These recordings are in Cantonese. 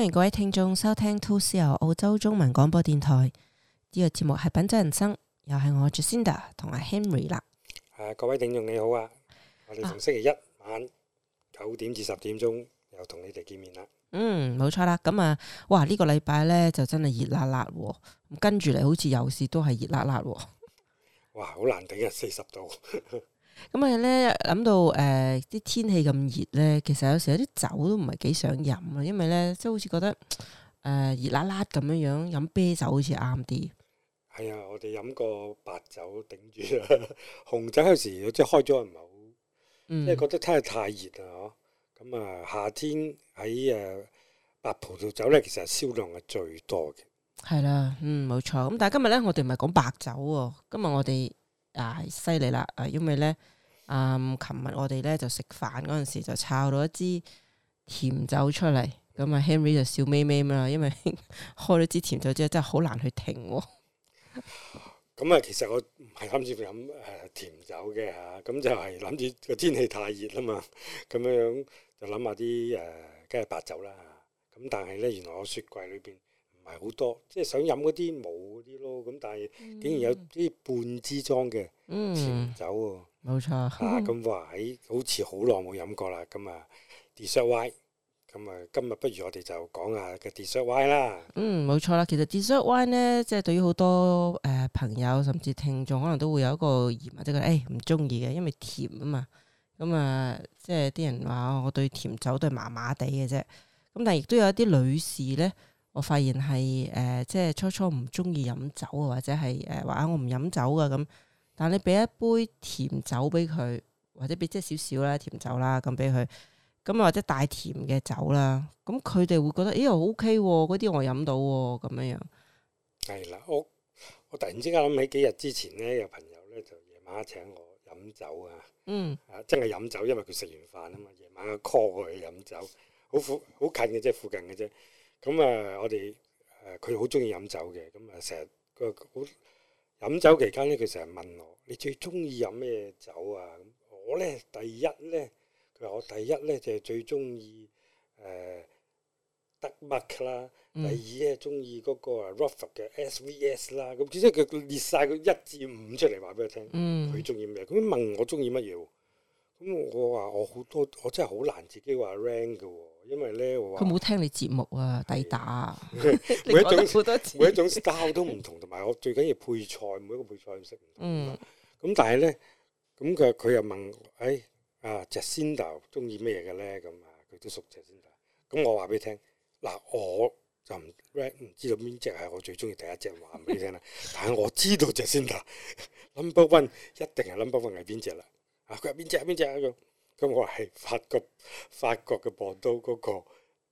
歡迎各位聽眾收聽 Too C o 澳洲中文廣播電台。呢、這個節目係品酒人生，又係我 Jacinda 同阿 Henry 啦、啊。各位聽眾你好啊！我哋從星期一晚九點至十點鐘又同你哋見面、嗯、啦。嗯，冇錯啦。咁啊，哇！呢、這個禮拜呢就真係熱辣辣喎。咁跟住嚟，好似有時都係熱辣辣喎。哇！好難頂啊，四十度。 咁啊咧諗到誒啲、呃、天氣咁熱咧，其實有時有啲酒都唔係幾想飲啊，因為咧即係好似覺得誒、呃、熱辣辣咁樣樣，飲啤酒好似啱啲。係啊，我哋飲過白酒頂住啦， 紅酒有時即係開咗唔係好，即係、嗯、覺得太太熱啊嗬。咁、嗯、啊，夏天喺誒白葡萄酒咧，其實銷量係最多嘅。係啦、啊，嗯冇錯。咁但係今日咧，我哋唔係講白酒喎，今日我哋。啊，犀利啦！啊，因為呢，啊、嗯，琴日我哋呢就食飯嗰陣時就抄到一支甜酒出嚟。咁啊，Henry 就笑眯眯啦，因為呵呵開咗支甜酒之後真係好難去停、啊。咁啊、嗯，其實我唔係諗住飲誒甜酒嘅吓，咁、嗯、就係諗住個天氣太熱啦嘛，咁樣樣就諗下啲誒，梗、呃、係白酒啦。咁、嗯、但係呢，原來我雪櫃裏邊。唔係好多，即係想飲嗰啲冇啲咯。咁但係竟然有啲半支裝嘅甜酒喎，冇、嗯、錯。嚇咁話好似好耐冇飲過啦。咁啊，dessert wine，咁啊，今日不如我哋就講下嘅 dessert wine 啦。嗯，冇、嗯嗯嗯嗯、錯啦。其實 dessert wine 咧，即係對於好多誒、呃、朋友甚至聽眾，可能都會有一個疑問，即係誒唔中意嘅，因為甜啊嘛。咁、嗯、啊，即係啲人話我對甜酒都係麻麻地嘅啫。咁但係亦都有一啲女士咧。我發現係誒、呃，即係初初唔中意飲酒啊，或者係誒話啊，我唔飲酒噶咁。但你俾一杯甜酒俾佢，或者俾即係少少啦，甜酒啦咁俾佢咁，或者帶甜嘅酒啦。咁佢哋會覺得咦，O K，嗰啲我飲到咁樣係啦。我我突然之間諗起幾日之前咧，有朋友咧就夜晚請我飲酒、嗯、啊。嗯，啊真係飲酒，因為佢食完飯啊嘛，夜晚 call 我去飲酒，好附好近嘅，啫，附近嘅啫。咁啊、嗯，我哋誒佢好中意飲酒嘅，咁啊成日佢好飲酒期間咧，佢成日問我：你最中意飲咩酒啊？咁我咧第一咧，佢話我第一咧就係最中意誒德麥啦，第二咧中意嗰個啊 Rufford 嘅 S V S 啦。咁即係佢列晒個一至五出嚟話俾我聽，佢中意咩？佢問我中意乜嘢喎？咁我話我好多，我真係好難自己話 rank 嘅。因為咧，佢冇聽你節目啊，抵打每一種每一種膠都唔同，同埋我最緊要配菜，每一個配菜都識唔同咁、mm. 嗯嗯嗯、但係咧，咁佢佢又問，誒啊 Jacinda 中意咩嘢嘅咧？咁啊，佢、嗯啊、都熟 Jacinda。咁我話俾你聽，嗱我就唔唔知道邊隻係我最中意第一隻，話唔俾你聽啦。但係我知道 Jacinda number one 一定係 number one 係邊隻啦。啊，邊隻邊隻啊？咁、嗯、我係法國法國嘅波多嗰、那個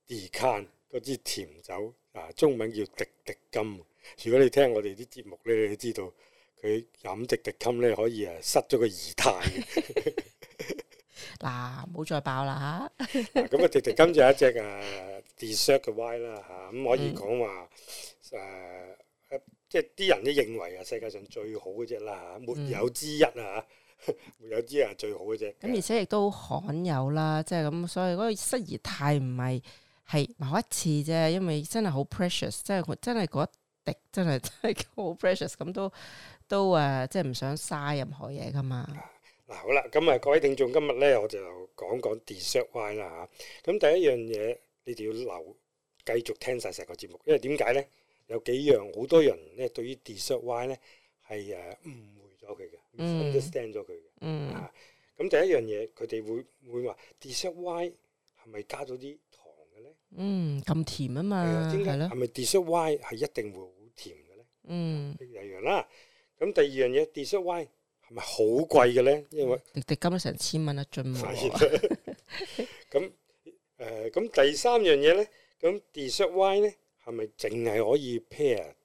DiCan 嗰支甜酒啊，中文叫滴滴金。如果你聽我哋啲節目咧，你都知道佢飲滴滴金咧，可以 啊，失咗個儀態。嗱，唔好再爆啦嚇。咁 啊，滴滴金就一隻啊 dessert 嘅 wine 啦嚇，咁可以講話誒，即係啲人都認為啊，世界上最好嘅隻啦嚇，沒有之一啊有啲係最好嘅啫，咁而且亦都罕有啦，即係咁，所以嗰個失而太唔係係某一次啫，因為真係好 precious，即係真係嗰一滴真係真係好 precious，咁都都誒，即係唔想嘥任何嘢噶嘛。嗱好啦，咁啊各位聽眾今日咧，我就講講 Dessert Wine 啦吓。咁第一樣嘢，你哋要留繼續聽晒成個節目，因為點解咧？有幾樣好多人咧，對於 Dessert Wine 咧係誒誤會。understand 咗佢嘅，咁第一樣嘢佢哋會會話 dessert wine 係咪加咗啲糖嘅咧？嗯，咁甜啊嘛，係咯，係咪 dessert wine 係一定會好甜嘅咧？嗯，第二樣啦，咁第二樣嘢 dessert wine 係咪好貴嘅咧？因為滴滴金咗成千蚊一樽喎。咁誒，咁第三樣嘢咧，咁 dessert wine 咧係咪淨係可以 paired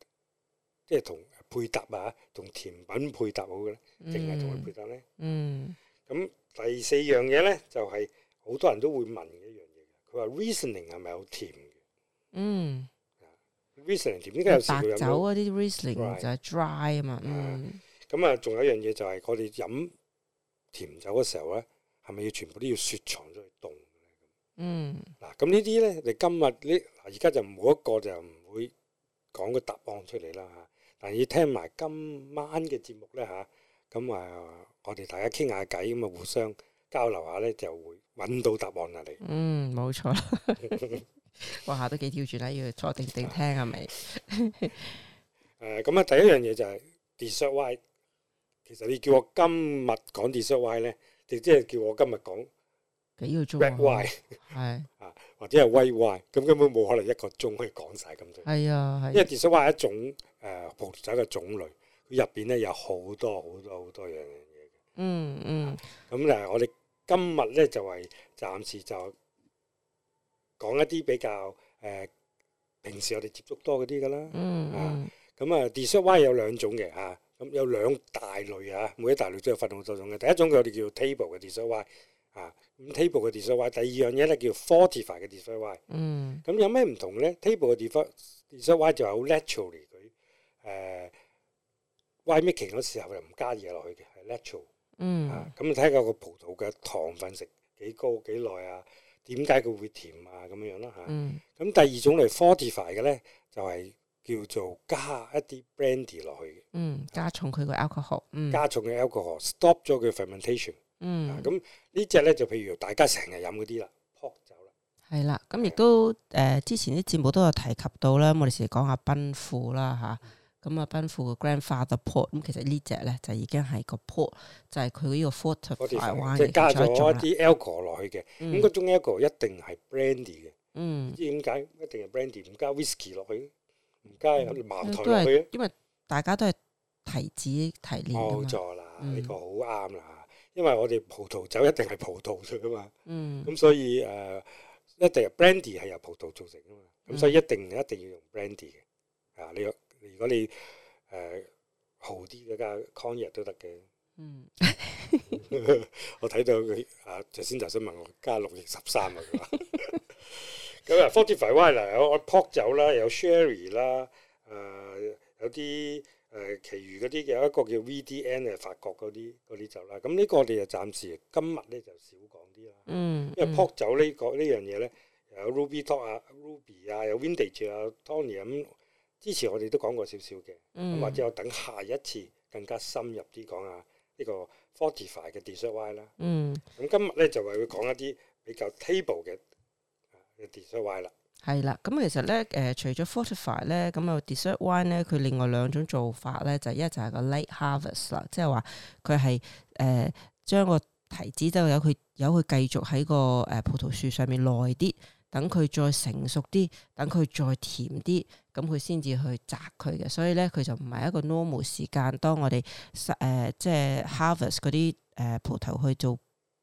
即係同？配搭啊，同甜品配搭好嘅咧，淨係同佢配搭咧。嗯，咁第四樣嘢咧就係好多人都會問嘅一樣嘢。嘅。佢話 Riesling 係咪好甜嘅？嗯，Riesling 甜點梗有酒嗰啲 Riesling 就係 dry 啊嘛。嗯，咁啊，仲有一樣嘢就係我哋飲甜酒嘅時候咧，係咪要全部都要雪藏咗去凍咧？嗯，嗱，咁呢啲咧，你今日呢嗱，而家就冇一個就唔會講個答案出嚟啦嚇。但要聽埋今晚嘅節目咧吓，咁啊，我哋大家傾下偈，咁啊互相交流下咧，就會搵到答案啊你。嗯，冇錯啦。哇下都幾跳轉啦，要坐定定聽係咪？誒，咁啊，第一樣嘢就係 Dessert Wine。其實你叫我今日講 Dessert Wine 咧，亦即係叫我今日講幾個鐘 Wine，係啊，或者係 White Wine？咁根本冇可能一個鐘可以講晒咁多。係啊，係。因為 Dessert Wine 係一種誒葡萄酒嘅種類，佢入邊咧有好多好多好多樣嘢嘅。嗯嗯。咁嗱，我哋今日咧就係暫時就講一啲比較誒平時我哋接觸多嗰啲嘅啦。嗯咁啊，dessert wine 有兩種嘅嚇，咁有兩大類啊。每一大類都有分好多種嘅。第一種佢哋叫 table 嘅 dessert wine，嚇。咁 table 嘅 dessert wine，第二樣嘢咧叫 fortify 嘅 dessert wine。嗯。咁有咩唔同咧？table 嘅地方，dessert wine 就係好 naturally。誒 winemaking 嗰時候又唔加嘢落去嘅，係 natural。嗯。咁睇下個葡萄嘅糖分值幾高幾耐啊？點解佢會甜啊？咁樣樣啦嚇。咁、嗯、第二種嚟 fortify 嘅咧，就係、是、叫做加一啲 brandy 落去嘅。嗯，加重佢個 alcohol。啊、加重佢 alcohol、嗯、stop 咗佢 fermentation 嗯、啊。嗯。咁呢隻咧就譬如大家成日飲嗰啲啦，砵酒啦。係啦，咁亦都誒之前啲節目都有提及到啦，我哋成日講下奔富啦嚇。啊咁啊，奔富嘅、嗯、grandfather port 咁、嗯，其實隻呢隻咧就已經係個 port，就係佢呢個 fortified 即係是加咗一啲 alcohol 落去嘅。咁個中間一個一定係 brandy 嘅，嗯，唔知點解一定係 brandy，唔加 whisky 落去，唔加茅台落去，因為大家都係提子提煉。冇錯啦，呢、這個好啱啦，嗯、因為我哋葡萄酒一定係葡萄做噶嘛，嗯，咁所以誒、呃、一定係 brandy 係由葡萄做成噶嘛，咁、嗯、所以一定一定要用 brandy 嘅啊，你要如果你誒豪啲加干邑都得嘅，嗯、呃， 我睇到佢啊，頭先就想問我加六月十三啊，咁啊 ，fortify 嗱有砵酒啦，有 sherry 啦，誒、呃、有啲誒、呃，其餘嗰啲有一個叫 VDN 嘅法國嗰啲啲酒啦。咁呢個我哋就暫時今日咧就少講啲啦，嗯， 因為砵酒、這個這個這個、呢個呢樣嘢咧有 Ruby Talk 啊，Ruby 啊，有 Vintage 啊，Tony 咁。之前我哋都講過少少嘅，嗯、或者我等下一次更加深入啲講下個、嗯、呢個 fortify 嘅 dessert wine 啦。咁今日咧就係會講一啲比較 table 嘅 dessert wine 啦。係啦，咁、嗯、其實咧誒、呃，除咗 fortify 咧，咁、那、啊、個、dessert wine 咧，佢另外兩種做法咧，就係、一就係個 late harvest 啦，即係話佢係誒將個提子都有佢有佢繼續喺、個誒、呃、葡萄樹上面耐啲。等佢再成熟啲，等佢再甜啲，咁佢先至去摘佢嘅。所以咧，佢就唔係一個 normal 時間。當我哋誒、呃、即係 harvest 嗰啲誒葡萄去做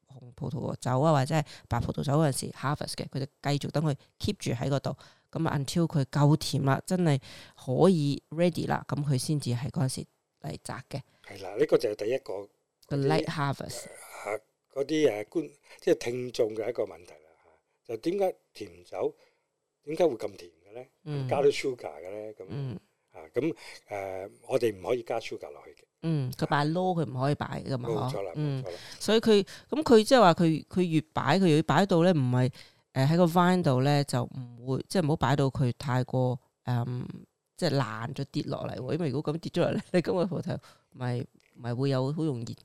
紅葡萄酒啊，或者係白葡萄酒陣時 harvest 嘅，佢、嗯、就繼續等佢 keep 住喺嗰度。咁、嗯、until 佢夠甜啦，真係可以 ready 啦，咁佢先至係嗰陣時嚟摘嘅。係啦，呢個就係第一個 the late harvest、呃。嚇！啲誒觀，即係聽眾嘅一個問題。就點解甜酒點解會咁甜嘅咧？嗯、加咗 sugar 嘅咧咁啊？咁誒、呃，我哋唔可以加 sugar 落去。嗯，佢擺攞佢唔可以擺㗎嘛？冇、嗯、錯啦。嗯、錯，所以佢咁，佢即係話佢，佢越擺佢越擺到咧，唔係誒喺個 vine 度咧就唔會，即係唔好擺到佢太過誒、呃，即係爛咗跌落嚟。因為如果咁跌咗落嚟，你今日葡萄咪咪會有好容易誒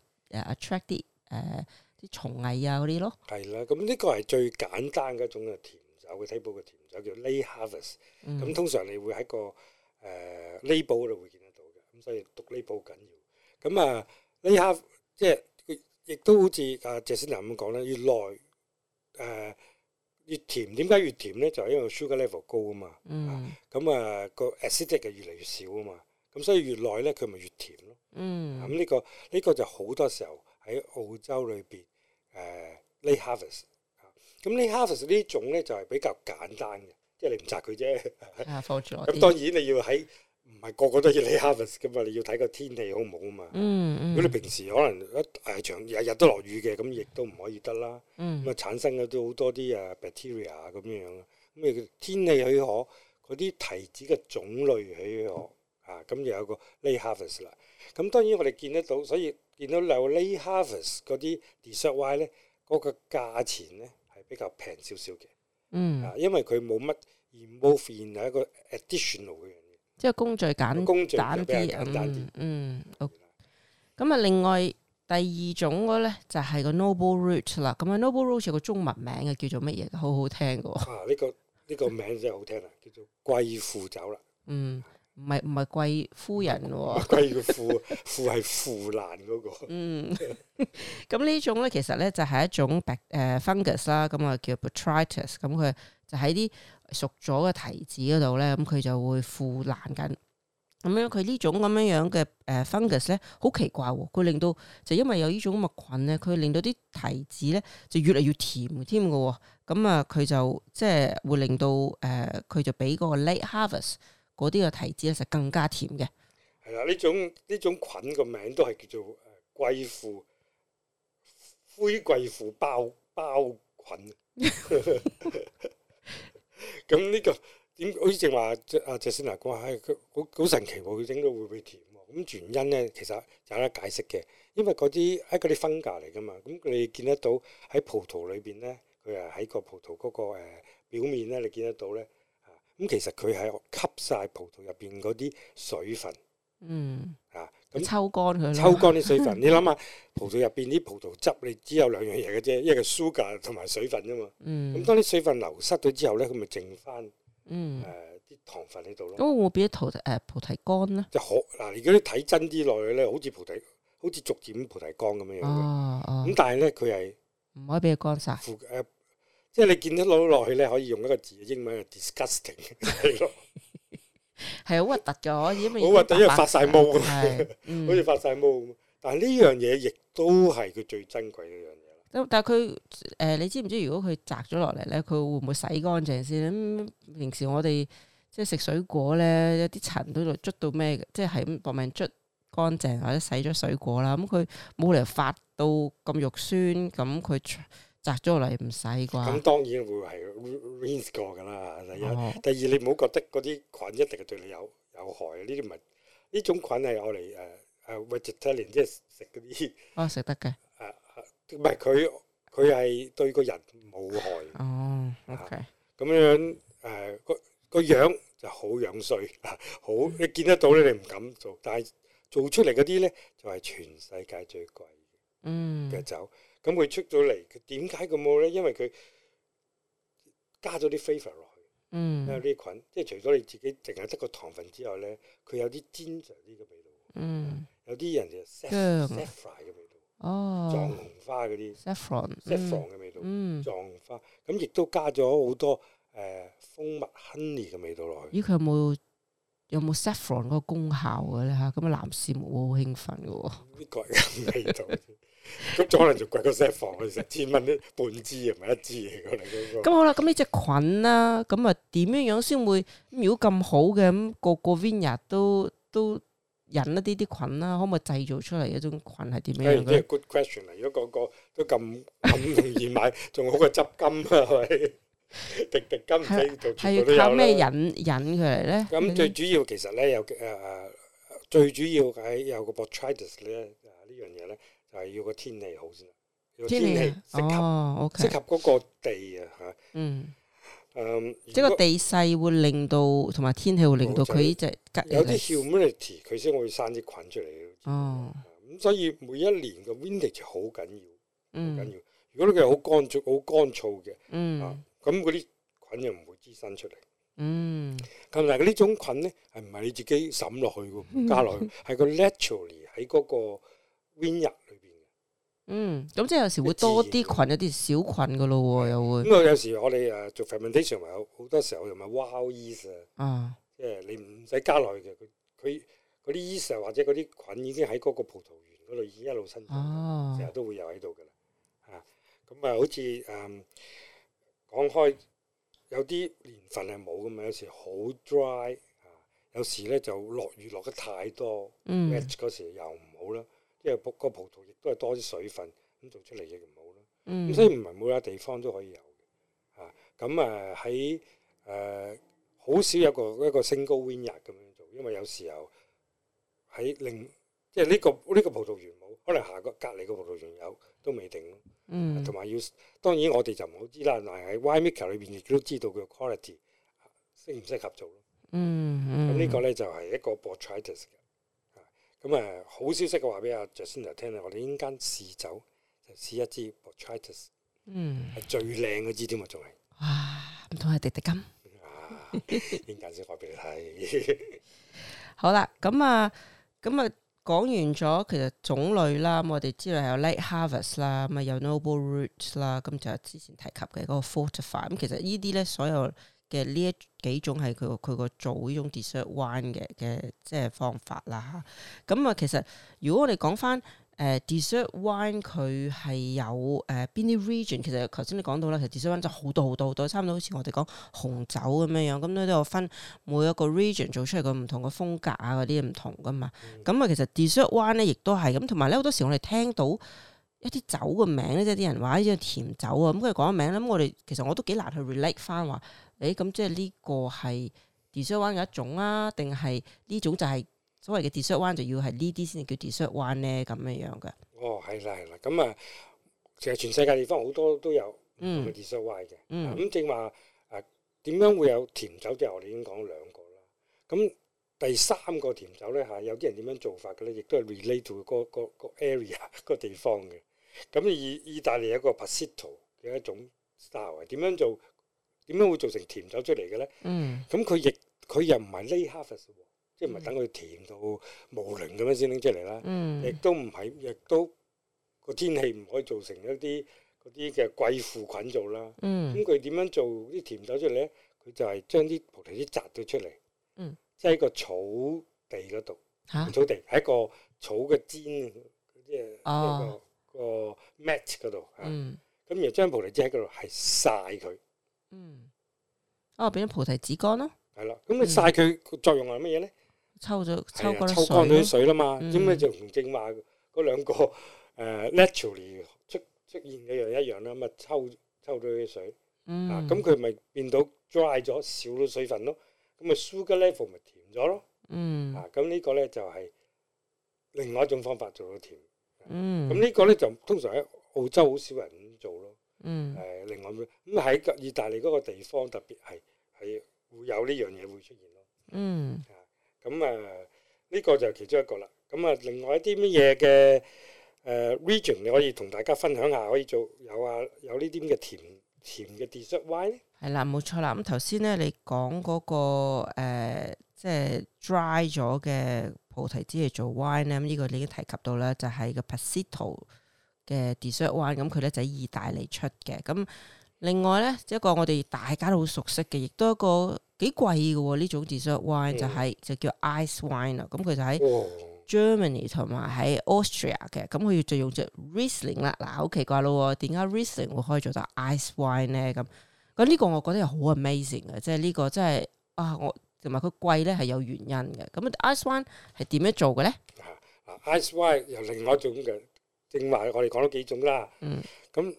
attract 啲、呃、誒。呃蟲蟻啊嗰啲咯，係啦，咁呢個係最簡單嗰種嘅甜酒，會睇到嘅甜酒叫 Late Harvest。咁通常你會喺個誒 label 嗰度會見得到嘅，咁所以讀 label 好緊要。咁啊 Late Harvest 即係佢亦都好似阿 Jacinda 咁講咧，越耐誒越甜。點解越甜咧？就係因為 sugar level 高啊嘛。嗯。咁啊個 acidic 就越嚟越少啊嘛。咁所以越耐咧，佢咪越甜咯。嗯。咁呢個呢個就好多時候喺澳洲裏邊。誒 Late Harvest 嚇，咁 Late Harvest 呢種咧就係、是、比較簡單嘅，即、就、係、是、你唔摘佢啫。咁、 啊、當然你要喺唔係個個都要 Late Harvest 噶嘛，你要睇個天氣好唔好啊嘛。嗯，嗯如果你平時可能一長日日都落雨嘅，咁亦都唔可以得啦。咁啊、嗯嗯嗯、產生咗都好多啲啊 bacteria 咁樣樣啊。咁啊，天氣許可，嗰啲提子嘅種類許可。嗯、啊，咁就有個 Late Harvest 啦。咁當然我哋見得到，所以。見到流 late harvest 嗰啲 dessert wine 咧，嗰個價錢咧係比較平少少嘅。嗯，啊，因為佢冇乜 remove in 係一個 additional 嘅樣嘢，即係工序簡單啲。工序簡單啲，嗯。咁啊，另外第二種嘅咧就係個 noble root 啦。咁啊，noble root 有個中文名嘅叫做乜嘢？好好聽㗎。啊，呢個呢個名真係好聽啊！叫做貴腐酒啦。嗯。唔係，唔係貴夫人喎，哦，貴富，腐腐係腐爛嗰個。 嗯，咁呢種咧其實咧就係一種誒 fungus 啦，咁啊叫 b e t r i t u s 咁佢就喺啲熟咗嘅提子嗰度咧，咁佢就會腐爛緊。咁樣佢呢種咁樣樣嘅誒 fungus 咧好奇怪喎，佢令到就因為有呢種物菌咧，佢令到啲提子咧就越嚟越甜嘅添嘅喎。咁啊佢就即係會令到誒佢就俾嗰個 late harvest。嗰啲嘅提子咧，就更加甜嘅。係啦，呢種呢種菌個名都係叫做貴腐、呃、灰貴腐包包菌。咁 呢、 這個點好似正話阿謝先娜講係佢好好神奇喎，佢整到會唔會甜喎。咁原因咧，其實有得解釋嘅，因為嗰啲喺嗰啲分隔嚟噶嘛。咁你見得到喺葡萄裏邊咧，佢係喺個葡萄嗰個誒表面咧，你見得到咧。咁其實佢係吸晒葡萄入邊嗰啲水分，嗯啊，咁抽乾佢，抽乾啲水分。 你諗下，葡萄入邊啲葡萄汁，你只有兩樣嘢嘅啫，一個 sugar 同埋水分啫嘛。咁、嗯啊、當啲水分流失咗之後咧，佢咪剩翻，誒啲糖分喺度咯。咁、啊嗯啊、我變咗葡誒葡萄乾咧，就可嗱。如果你睇真啲落去咧，好似葡萄，好似逐漸葡萄乾咁樣樣嘅。哦、啊、咁但係咧，佢係唔可以俾佢乾曬。即係你見到攞落去咧，可以用一個字，英文係 disgusting，係咯，係好核突嘅，因為好核突，因為發晒毛，係，好似發晒毛咁。但係呢樣嘢亦都係佢最珍貴一樣嘢。咁但係佢誒，你知唔知如果佢摘咗落嚟咧，佢會唔會洗乾淨先？平時我哋即係食水果咧，有啲塵都度捽到咩嘅？即係搏命捽乾淨或者洗咗水果啦。咁佢冇嚟發到咁肉酸，咁佢。摘咗嚟唔使啩？咁當然會係 rinse 過噶啦。第一、哦、第二，你唔好覺得嗰啲菌一定係對你有有害。呢啲唔係呢種菌係我嚟誒誒、uh, uh, vegetarian，即係食嗰啲。哦，食得嘅。唔係佢，佢係對個人冇害。哦，OK。咁、啊、樣樣誒、uh, 個個樣就好樣衰，好 你見得到咧，你唔敢做。但係做出嚟嗰啲咧，就係、是、全世界最貴嘅酒、嗯。咁佢、嗯、出咗嚟，佢點解咁好咧？因為佢加咗啲 flavour 落去，嗯，有啲菌，即係除咗你自己淨係得個糖分之外咧，佢有啲堅長啲嘅味道，嗯，有啲人就香 saffron 嘅、嗯、味道，哦，藏紅花嗰啲藏嘅味道，藏、嗯、紅花，咁亦都加咗好多誒、呃、蜂蜜 honey 嘅味道落去、嗯。咦？佢有冇有冇 saffron 個功效嘅咧？嚇，咁啊，男士冇好興奮嘅喎。呢個味道。咁仲可能仲貴過 set 房，成千蚊都半支，唔係一支嚟噶。咁好啦，咁呢隻菌啦，咁啊點樣樣先會？如果咁好嘅，咁個個 Vina 都都引一啲啲菌啦，可唔可以製造出嚟一種菌係點樣？係一個 good question 嚟。如果個個都咁咁容易買，仲好過執金係咪？滴滴金仔就全部都有啦。係要靠咩引引佢嚟咧？咁最主要其實咧有誒誒，最主要係有個 Botrytis 咧啊呢樣嘢咧。係要個天氣好先，天氣哦，OK，適合嗰個地啊吓，嗯，誒，即係個地勢會令到，同埋天氣會令到佢依只有啲 humidity，佢先會生啲菌出嚟。哦，咁所以每一年個 vintage 好緊要，好緊要。如果呢個好乾燥、好乾燥嘅，嗯，咁嗰啲菌又唔會滋生出嚟。嗯，咁但係呢種菌咧，係唔係你自己抌落去嘅，加落去，係個 naturally 喺嗰個 vintage 裏邊。嗯，咁即係有時會多啲菌，有啲小菌噶咯，對又會。咁、嗯、有時我哋誒做 fermentation，咪有好多時候又咪 wild yeast 啊，即係你唔使加耐嘅，佢佢啲 yeast 或者嗰啲菌已經喺嗰個葡萄園嗰度已經一路生長，成日、啊、都會有喺度噶啦。吓，咁啊，好似誒講開，有啲年份係冇噶嘛，有時好 dry，啊，有時咧就落雨落得太多嗰、嗯、時又唔好啦。即係葡個葡萄亦都係多啲水分，咁做出嚟亦唔好咯。咁所以唔係每一個地方都可以有嘅。咁啊喺誒好少有個一個 single vineyard 咁樣做，因為有時候喺另即係呢個呢個葡萄園冇，可能下個隔離個葡萄園有都未定咯。同埋要當然我哋就唔好知啦。但係喺 winemaker 裏邊亦都知道佢 quality 適唔適合做咯。咁呢個咧就係一個 b 咁啊，好消息嘅話俾阿 Jacinda 聽啊，我哋呢間試酒就試一支 Botrytis，嗯，係最靚嗰支添啊，仲係，哇，唔通係滴滴金，啊，呢間先講俾你睇。好啦，咁啊，咁啊，講完咗其實種類啦，咁我哋知道係有 Late Harvest 啦，咁啊有 Noble Rot 啦，咁就之前提及嘅嗰個 Fortified，咁其實呢啲咧所有。嘅呢一幾種係佢個佢個做呢種 dessert wine 嘅嘅即係方法啦嚇。咁、嗯、啊，其實如果我哋講翻誒 dessert wine，佢係有誒邊啲 region。其實頭先你講到啦，其實 dessert wine 就好多好多好多，都差唔多好似我哋講紅酒咁樣樣。咁、嗯、咧、嗯、都有分每一個 region 做出嚟個唔同嘅風格啊，嗰啲唔同噶嘛。咁、嗯、啊、嗯，其實 dessert wine 咧亦都係咁。同埋咧好多時我哋聽到一啲酒嘅名咧，即係啲人話呢隻甜酒啊，咁佢講個名啦。咁我哋其實我都幾難去 relate 翻話。誒咁即係呢個係 dessert wine 嘅一種啊？定係呢種就係所謂嘅 dessert wine 就要係呢啲先叫 dessert wine 咧？咁樣樣嘅。哦，係啦，係啦，咁啊，其實全世界地方好多都有唔同嘅 dessert wine 嘅。嗯。咁正話誒點樣會有甜酒？即係我哋已經講兩個啦。咁第三個甜酒咧嚇，有啲人點樣做法嘅咧，亦都係 relate to 個個個 area 個地方嘅。咁意意大利有個 passito 嘅一種 style，點樣做？點樣會做成甜酒出嚟嘅咧？咁佢亦佢又唔係 late harvest 即係唔係等佢甜到無倫咁樣先拎出嚟啦？亦、嗯、都唔係，亦都個天氣唔可以做成一啲嗰啲嘅貴腐菌做啦。咁佢點樣做啲甜酒出嚟咧？佢、嗯、就係將啲菩提子摘咗出嚟，即係喺個草地嗰度，蛤草地喺一個草嘅尖，即、就、係、是、個、啊、個，個，個 mat 嗰度。咁然後將菩提子喺嗰度係晒佢。它 嗯，哦，變咗菩提子乾咯，係啦，咁你曬佢個作用係乜嘢咧？抽咗抽乾咗啲水啦嘛，咁咧就同正話嗰兩個誒，naturally 出出現嘅樣一樣啦，咁啊抽抽咗啲水，啊咁佢咪變到 dry 咗，少咗水分咯，咁啊 sugar level 咪甜咗咯，啊咁呢個咧就係另外一種方法做到甜，咁呢個咧就通常喺澳洲好少人咁做咯。嗯，嗯，誒另外咁喺個意大利嗰個地方特別係係會有呢樣嘢會出現咯。嗯、啊，咁啊呢、這個就係其中一個啦。咁啊另外一啲乜嘢嘅誒 region 你可以同大家分享下，可以做有啊有呢啲咁嘅甜甜嘅 dessert wine？係啦，冇錯啦。咁頭先咧你講嗰、那個即係、呃就是、dry 咗嘅菩提子嚟做 wine 咧，咁、這、呢個你已經提及到啦，就係、是、個 passito 嘅 dessert wine，咁佢咧就喺意大利出嘅。咁另外咧，一個我哋大家都好熟悉嘅，亦都一個幾貴嘅呢種 dessert wine，就係、是嗯、就叫 ice wine 啊。咁佢就喺 Germany 同埋喺 Austria 嘅。咁佢就用隻 Riesling 啦。嗱，好奇怪咯，點解 Riesling 會可以做到 ice wine 咧？咁咁呢個我覺得係好 amazing 嘅，即係呢個即係啊！我同埋佢貴咧係有原因嘅。咁、啊啊、ice wine 係點樣做嘅咧？ice wine 又另外一種正話我哋講咗幾種啦，咁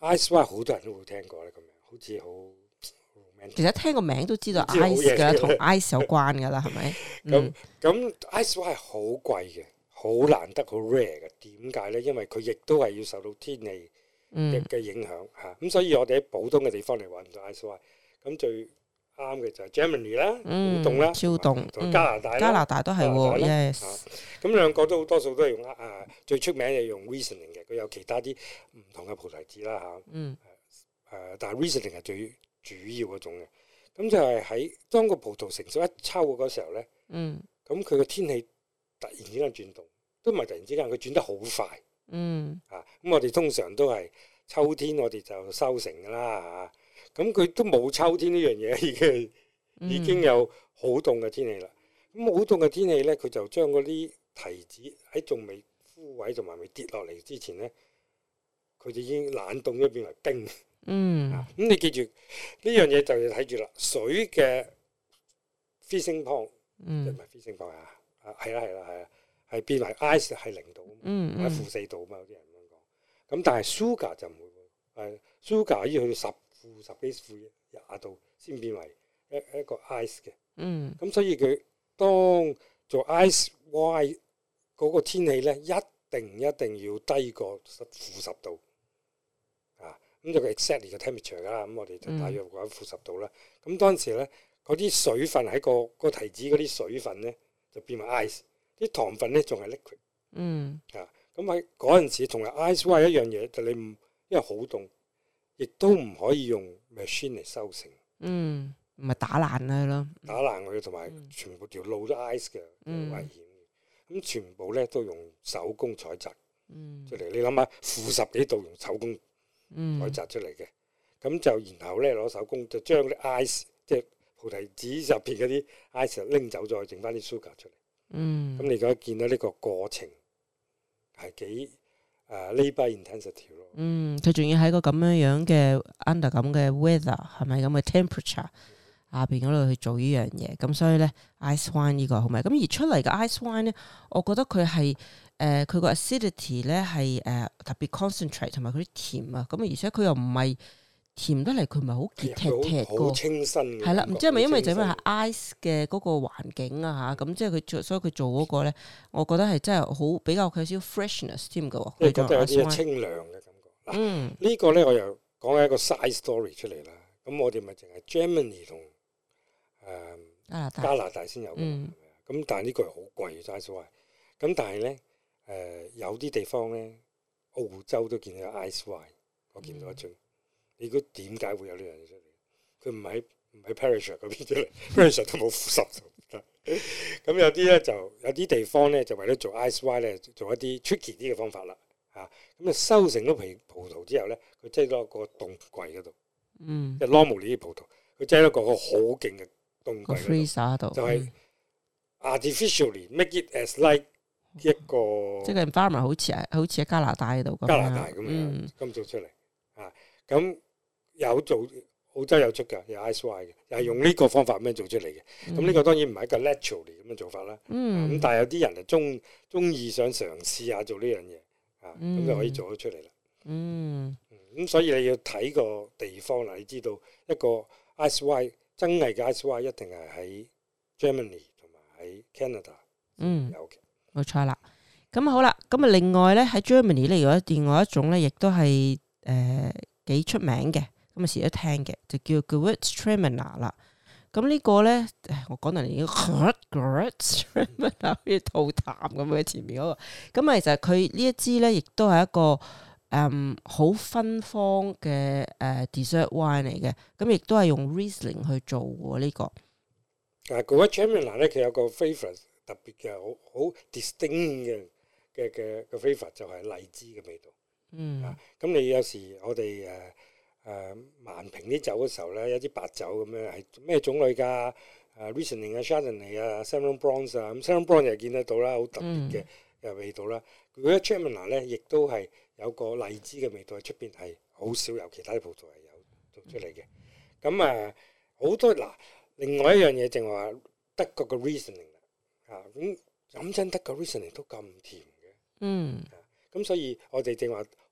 ice wine 好多人都會聽過咧，咁樣好似好，其實聽個名都知道 ice 嘅，同 ice 有關噶啦，係咪？咁咁 ice wine 係好貴嘅，好難得，好 rare 嘅。點解呢？因為佢亦都係要受到天氣嘅嘅影響吓，咁所以我哋喺普通嘅地方嚟，搵唔到 ice wine，咁最。啱嘅就係 Germany 啦，凍啦、嗯，超凍，嗯、加拿大，加拿大都係、啊、yes、啊。咁兩個都好多數都係用啊，最出名就用 Riesling 嘅，佢有其他啲唔同嘅菩提子啦嚇。誒、啊啊，但係 Riesling 係最主要嗰種嘅。咁就係喺當個葡萄成熟一秋嗰個時候咧，咁佢個天氣突然之間轉動，都唔係突然之間，佢轉得好快。嚇、嗯，咁、啊、我哋通常都係秋天我哋就收成㗎啦嚇。啊咁佢都冇秋天呢樣嘢，已經、嗯、已經有好凍嘅天氣啦。咁好凍嘅天氣咧，佢就將嗰啲提子喺仲未枯萎，同埋未跌落嚟之前咧，佢就已經冷凍咗變為冰、嗯啊。嗯。咁你記住呢樣嘢就要睇住啦。水嘅 freezing point，即係唔係 freezing point 啊？係啦係啦係啊，係、啊、變埋 ice 係零度，喺係負四度啊嘛，有啲、嗯嗯、人咁講。咁、嗯、但係 sugar 就唔會，係、啊、sugar 依去十。負十幾負廿度先變為一一個 ice 嘅、mm. 嗯，咁所以佢當做 ice wine 嗰個天氣咧，一定一定要低過負十度啊！咁就個 exactly 嘅 temperature 啦，咁我哋就大約講負十度啦。咁、mm. 嗯、當時咧，嗰啲水分喺、個、個提子嗰啲水分咧，就變為 ice，啲糖分咧仲係 liquid。嗯。啊，咁喺嗰陣時同埋 ice wine 一樣嘢，就你唔因為好凍。亦都唔可以用 machine 嚟收成，嗯，咪打爛佢咯，打爛佢同埋全部條路都 ice 嘅，好危險嘅。咁、嗯、全部咧都用手工採摘出嚟。嗯、你諗下，負十幾度用手工採摘出嚟嘅，咁就、嗯、然後咧攞手工就將啲 ice，即係菩提子入邊嗰啲 ice 拎走，再整翻啲 sugar 出嚟。咁、嗯、你而家見到呢個過程係幾？啊！呢班、uh, intensity 咯，嗯，佢仲要喺個咁樣 under, 樣嘅 under 咁嘅 weather，係咪咁嘅 temperature 下邊嗰度去做呢樣嘢？咁所以咧 ice wine 呢個好咪？好？咁而出嚟嘅 ice wine 咧，我覺得佢係誒佢、呃、個 acidity 咧係誒、呃、特別 concentrate，同埋佢啲甜啊，咁而且佢又唔係。甜得嚟，佢唔係好清新清新嘅，係啦。唔知係咪因為就咩係 ice 嘅嗰個環境啊？嚇，咁即係佢做，所以佢做嗰個咧，我覺得係真係好比較有少 freshness 添㗎。你覺得有啲清涼嘅感覺？嗯，呢個咧我又講一個 side story 出嚟啦。咁我哋咪淨係 Germany 同誒加拿大先有嘅咁，但係呢個係好貴 ice wine。咁但係咧誒，有啲地方咧澳洲都見到 ice wine，我見到最。你估點解會有呢樣嘢出嚟？佢唔係喺唔係 Perisher，嗰邊出嚟 Perisher 都冇負十咁。有啲咧，就有啲地方咧，就為咗做 ice wine 咧，wise，做一啲 tricky 啲嘅方法啦。嚇、啊、咁、嗯、啊、嗯、收成咗皮葡萄之後咧，佢擠咗個凍櫃嗰度，嗯，normally 啲葡萄，佢擠咗個好勁嘅凍櫃 freezer 嗰度，嗯、就係 artificially make it as like、嗯嗯、一個，嗯、即係 environment 好似啊，好似喺加拿大嗰度，加拿大咁樣，咁做出嚟嚇，咁、嗯。嗯。有做澳洲有出㗎，有 ice wine 嘅，又係用呢個方法咁樣做出嚟嘅。咁呢個當然唔係一個 natural 咁嘅做法啦。嗯。咁但係有啲人就中中意想嘗試下做呢樣嘢，啊，咁就可以做得出嚟啦。嗯。咁所以你要睇個地方啦，你知道一個 ice wine 真係嘅 ice wine 一定係喺 Germany 同埋喺 Canada。嗯。有嘅。冇錯啦。咁啊好啦，咁啊另外咧喺 Germany 咧有一另外一種咧亦都係誒幾出名嘅。咁啊，時都聽嘅，就叫 Gewürztraminer 啦。咁呢個咧，我講到已經 Gewürztraminer 好似吐痰咁嘅前面嗰個。咁其實佢呢一支咧，亦都係一個誒好芬芳嘅誒 dessert wine 嚟嘅。咁亦都係用 Riesling 去做呢個啊。Gewürztraminer 咧，佢有個 favourite 特別嘅，好好 distinct 嘅嘅嘅嘅 favourite 就係荔枝嘅味道。嗯，咁你有時我哋誒。誒萬瓶啲酒嘅時候咧，有啲白酒咁樣係咩種類㗎？誒 Riesling 啊，Chardonnay 啊，Sauvignon Blanc 啊，咁 Sauvignon Blanc 又見得到啦，好特別嘅嘅味道啦。佢果 Gewürztraminer 咧，亦都係有個荔枝嘅味道，喺出邊係好少有其他啲葡萄係有做出嚟嘅。咁、嗯嗯嗯、啊，好多嗱、啊，另外一樣嘢正話德國嘅 Riesling 啊，咁飲親德國 Riesling 都咁甜嘅。嗯。咁、啊啊嗯、所以我哋正話。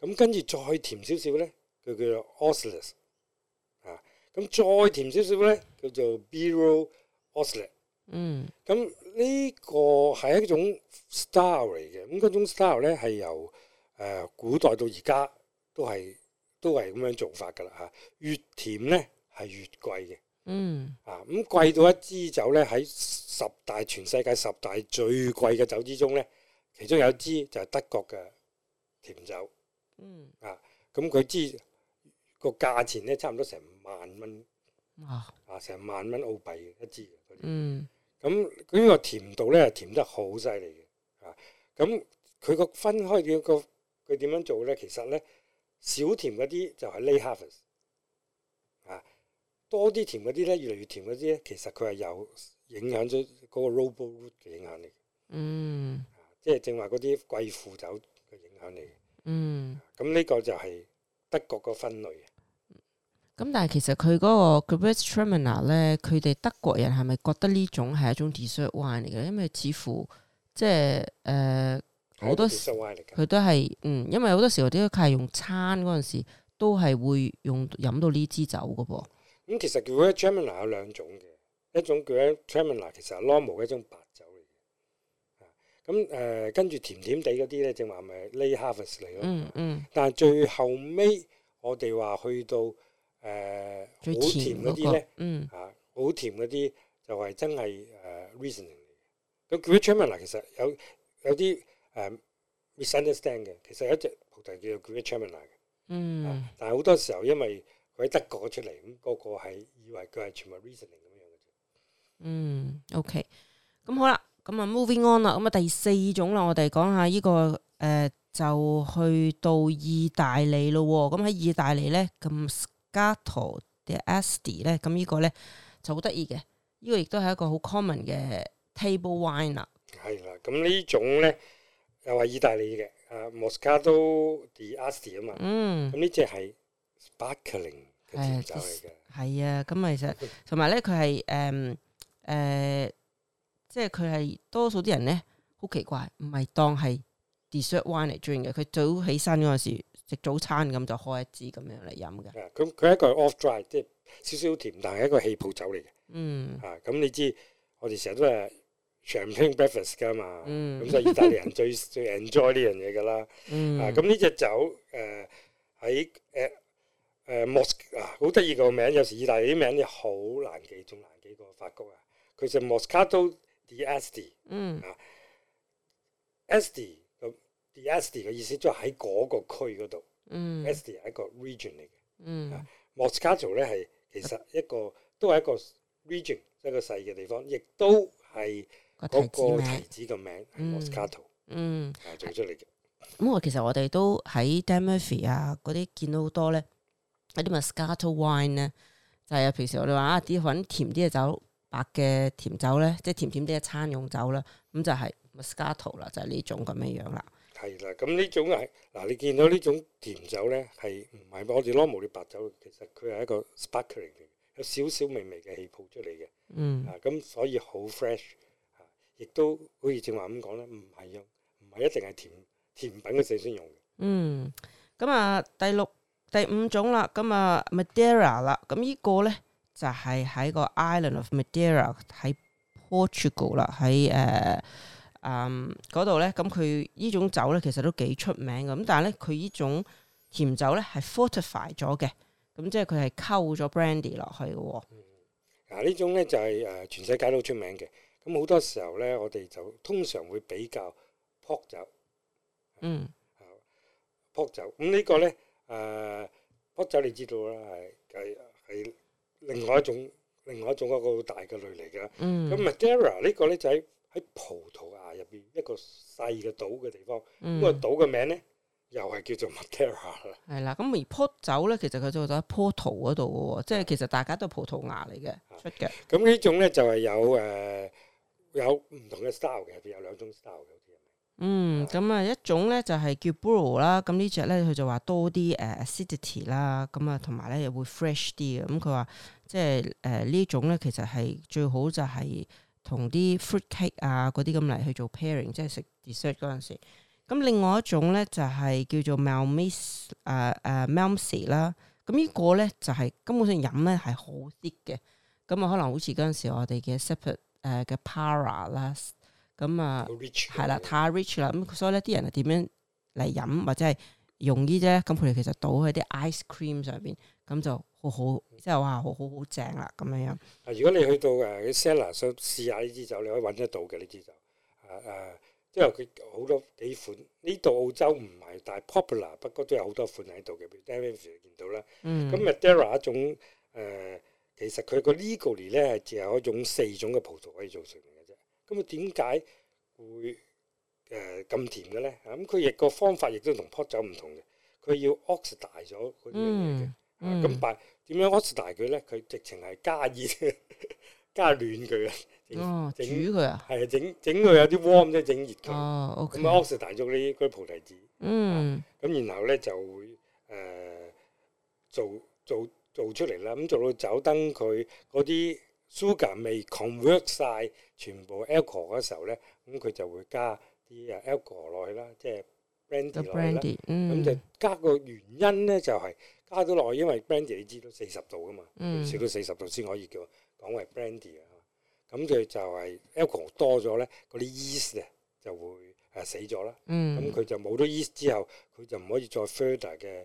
咁跟住再甜少少呢，佢叫做 Auslese。咁再甜少少呢，叫做 Beerenauslese。嗯。咁呢個係一種 style 嚟嘅，咁嗰種 style 呢，係由、呃、古代到而家都係都係咁樣做法㗎啦嚇。越甜呢，係越貴嘅、嗯啊。嗯。啊，咁貴到一支酒呢，喺十大全世界十大最貴嘅酒之中呢，其中有支就係德國嘅甜酒。嗯啊，咁佢知，個價錢咧，差唔多成萬蚊啊！成萬蚊澳幣一支。嗯、啊，咁佢呢個甜度咧，係甜得好犀利嘅啊！咁佢個分開嘅個佢點樣做咧？其實咧，少甜嗰啲就係 late harvest 啊，多啲甜嗰啲咧，越嚟越甜嗰啲咧，其實佢係有影響咗嗰個 noble rot 嘅影響力。嗯、啊，即係正話嗰啲貴腐酒嘅影響力。嗯，咁呢個就係德國個分類啊。咁、嗯、但係其實佢嗰個 Gewürztraminer 咧，佢哋德國人係咪覺得呢種係一種 dessert wine 嚟嘅？因為似乎即係誒好多佢都係嗯，因為好多時候啲佢係用餐嗰陣時都係會用飲到呢支酒噶噃。咁、嗯、其實嘅 Gewürztraminer 有兩種嘅，一種叫 Gewürztraminer 其實係 normal 嘅一種咁誒跟住甜甜地嗰啲咧，正話咪 late harvest 嚟咯。嗯，但係最後尾我哋話去到誒、呃、好甜嗰啲咧，嗯嚇、啊、好甜嗰啲就係真係誒 Riesling 嚟嘅。咁 g r a t chairman 其實有有啲誒 misunderstand、呃、嘅，其實有一隻葡萄叫做 g r a t c h a n r m l n 嘅。嗯。啊、但係好多時候因為喺德國出嚟，咁、那個個係以為佢係全部 Riesling 咁、嗯、樣嘅。嗯，OK，咁好啦。咁啊，moving on 啦，咁啊第四種啦，我哋講下呢、這個誒、呃，就去到意大利咯。咁、嗯、喺意大利咧，咁 Moscato d'Asti 咧，咁、這個、呢、這個咧就好得意嘅。呢個亦都係一個好 common 嘅 table wine 啦。係啦，咁呢種咧又係意大利嘅，啊 Moscato d'Asti 啊嘛。嗯。咁 呢隻係 sparkling 嘅酒嚟嘅。係啊，咁啊其實同埋咧佢係誒誒。呃即係佢係多數啲人咧，好奇怪，唔係當係 dessert wine 嚟 drink 嘅。佢早起身嗰陣時食早餐咁就開一支咁樣嚟飲嘅。啊，咁佢係一個 off dry，即係少少甜，但係一個氣泡酒嚟嘅，啊。嗯，嗯。嗯、啊、咁、嗯、你知我哋成日都係 champagne breakfast 噶嘛。咁所以意大利人最嗯嗯最 enjoy 呢樣嘢噶啦。嗯。啊，咁呢隻酒，誒喺誒誒 Mosca 好得意個名。有時意大利啲名你好難記，仲難記過法國啊。佢就 Moscato Asti 啊，Asti，咁 Asti 嘅意思就喺嗰個區嗰度。嗯，Asti 係一個 region 嚟嘅。嗯，Moscato 咧係其實一個都係一個 region，一個細嘅地方，亦都係嗰個提子嘅名。嗯，Moscato。嗯，做出嚟嘅。咁我其實我哋都喺 Dan Murphy's 啊嗰啲見到好多咧，一啲 Moscato wine 咧，就係平時我哋話啊啲粉甜啲嘅酒。白嘅甜酒咧，即係甜甜啲嘅餐用酒啦，咁就係 Moscato 啦，就係呢種咁樣樣啦。係啦，咁呢種係嗱，你見到呢種甜酒咧，係唔係我哋 normal 啲白酒？其實佢係一個 sparkling，有少少微微嘅氣泡出嚟嘅。嗯，咁所以好 fresh，亦都好似正話咁講咧，唔係用，唔係一定係甜甜品嘅時先用嘅。嗯，咁啊，第六第五種啦，咁啊，Madeira 啦，咁呢個咧。就係喺個 Island of Madeira 喺 Portugal 啦，喺誒嗯嗰度咧。咁佢呢種酒咧，其實都幾出名嘅。咁但係咧，佢呢種甜酒咧係 fortify 咗嘅，咁即係佢係溝咗 brandy 落去嘅。嗱，呢種咧就係誒全世界都出名嘅。咁好多時候咧，我哋就通常會比較 port 酒，嗯，port 酒咁呢個咧誒 port 酒你知道啦，係係係。另外一種，另外一種一個好大嘅類嚟㗎。咁、嗯、Madeira 呢個咧就喺喺葡萄牙入邊一個細嘅島嘅地方。咁個、嗯、島嘅名咧又係叫做 Madeira 啦。係啦、嗯，咁而 Port 酒咧，其實佢做到喺葡萄牙嗰度嘅喎，嗯、即係其實大家都係葡萄牙嚟嘅、嗯、出嘅的。咁呢種咧就係有誒、呃、有唔同嘅 style 嘅，入邊有兩種 style 嘅。嗯，咁啊一種咧就係、是、叫 Bual、啊、啦，咁呢隻咧佢就話多啲誒 acidity 啦，咁啊同埋咧又會 fresh 啲嘅，咁佢話即係誒、呃、呢種咧其實係最好就係同啲 fruit cake 啊嗰啲咁嚟去做 pairing，即係食 dessert 嗰陣時。咁另外一種咧就係、是、叫做 Malmsey 誒誒 Malmsey 啦，咁呢個咧就係、是、根本上飲咧係好啲嘅，咁啊可能好似嗰陣時我哋嘅 separate 誒、啊、嘅 para 啦。.咁啊，係啦，太 rich 啦，咁所以咧啲人係點樣嚟飲或者係用呢啲咧？咁佢哋其實倒喺啲 ice cream 上邊，咁就好好，即係哇，好好好正啦，咁樣樣。啊，如果你去到誒 cellar 想試下呢支酒，你可以揾得到嘅呢支酒。誒誒，因為佢好多幾款，呢度澳洲唔係大 popular，不過都有好多款喺度嘅。譬如 Damian 見到啦，咁 Madeira 一種誒，其實佢個 legally 咧就係一種四種嘅葡萄可以做成。咁啊？點解、嗯嗯、會誒咁、呃、甜嘅咧？咁佢亦個方法亦都同砵酒唔同嘅。佢要 oxid 大咗嗰啲，咁大點樣 oxid 大佢咧？佢直情係加熱加暖佢嘅。整哦，整煮佢啊？係啊，整整佢有啲 warm，即係，整熱佢。哦、啊，OK。咁 o x i d 大咗啲啲葡提子。嗯。咁、啊、然後咧就誒、呃、做做做，做，做出嚟啦。咁做到酒燈佢嗰啲。sugar 未 convert 曬全部 alcohol 嗰時候咧，咁佢就會加啲啊 alcohol 落去啦，即係 brandy 落去啦。咁就加個原因咧，就係加咗落去，因為 brandy 你知都四十度噶嘛，最少都四十度先可以叫講為 brandy 啊。咁佢就係 alcohol 多咗咧，嗰啲 yeast 咧就會誒死咗啦。咁佢就冇咗 yeast 之後，佢就唔可以再 further 嘅誒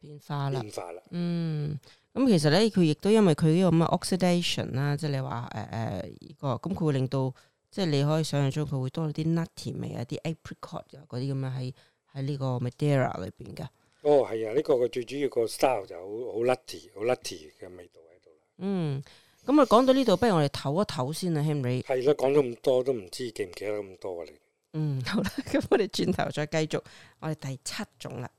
變化啦。變化啦。嗯。咁其實咧，佢亦都因為佢呢個咁嘅 oxidation 啦，即係你話誒誒，呢個咁佢會令到，即係你可以想象中佢會多啲 nutty 味，一啲 apricot 嗰啲咁樣喺喺呢個 Madeira 裏邊嘅。哦，係啊，呢個佢最主要個 style 就好好 nutty 好 nutty 嘅味道喺度。嗯，咁啊，講到呢度，不如我哋唞一唞先啊，Henry。係啦，講咗咁多，都唔知記唔記得咁多啊你。嗯，好啦，咁我哋轉頭再繼續，我哋第七種啦。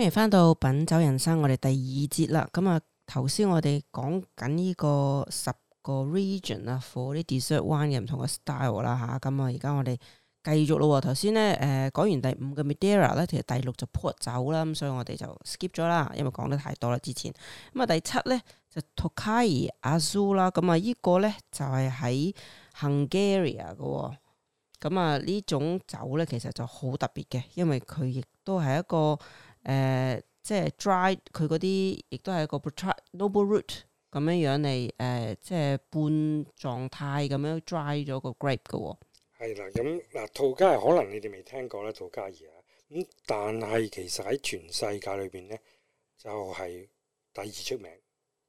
歡迎翻到品酒人生，我哋第二節啦。咁啊，頭先我哋講緊呢個十個 region 啊，for 啲 dessert wine 嘅唔同嘅 style 啦吓。咁啊，而家我哋繼續咯。頭先咧，誒，講完第五嘅 Madeira 咧，其實第六就砵酒啦。咁所以我哋就 skip 咗啦，因為講得太多啦之前。咁啊，第七咧就 Tokai Azul 啦。咁啊，呢個咧就係喺 Hungary 嘅。咁啊，呢種酒咧其實就好特別嘅，因為佢亦都係一個。誒、呃，即係 dry 佢嗰啲，亦都係一個 ry, noble root 咁樣樣嚟，誒，即係半狀態咁樣 dry 咗個 grape 噶，哦。係啦，咁嗱，Tokaji 可能你哋未聽過啦，Tokaji 啊。咁但係其實喺全世界裏邊咧，就係、是、第二出名，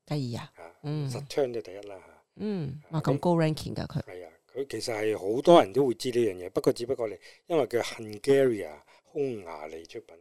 第二啊，嗯、啊、實聽就第一啦吓。嗯，哇，咁高 ranking 噶，佢係啊，佢其實係好多人都會知呢樣嘢，不過只不過你因為佢 Hungary 匈牙利出品。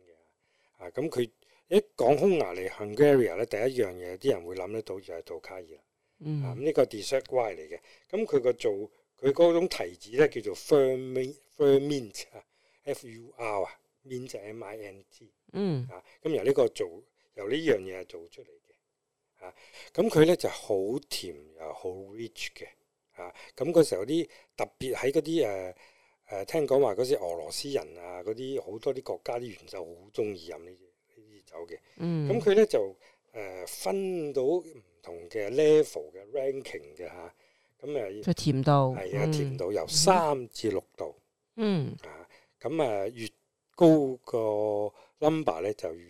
啊咁佢一講匈牙利 Hungary 咧，Hungarian，第一樣嘢啲人會諗得到就係杜卡爾啦、嗯啊。啊咁呢個 dessert wine 嚟嘅，咁佢個做佢嗰種提子咧叫做 Furmint，Furmint 啊，f-u-r 啊，mint 就 m-i-n-t。嗯。啊咁、啊嗯、由呢個做由呢樣嘢做出嚟嘅。啊咁佢咧就好、是、甜又好 rich 嘅。啊咁嗰、啊、時候啲特別喺嗰啲誒。啊誒聽講話嗰啲俄羅斯人啊，嗰啲好多啲國家啲元首好鍾意飲呢啲呢啲酒嘅。嗯，咁佢咧就誒分到唔同嘅 level 嘅 ranking 嘅嚇。咁、啊、誒，甜度係啊，嗯、甜度由三至六度。嗯啊，咁誒越高個 number 咧就越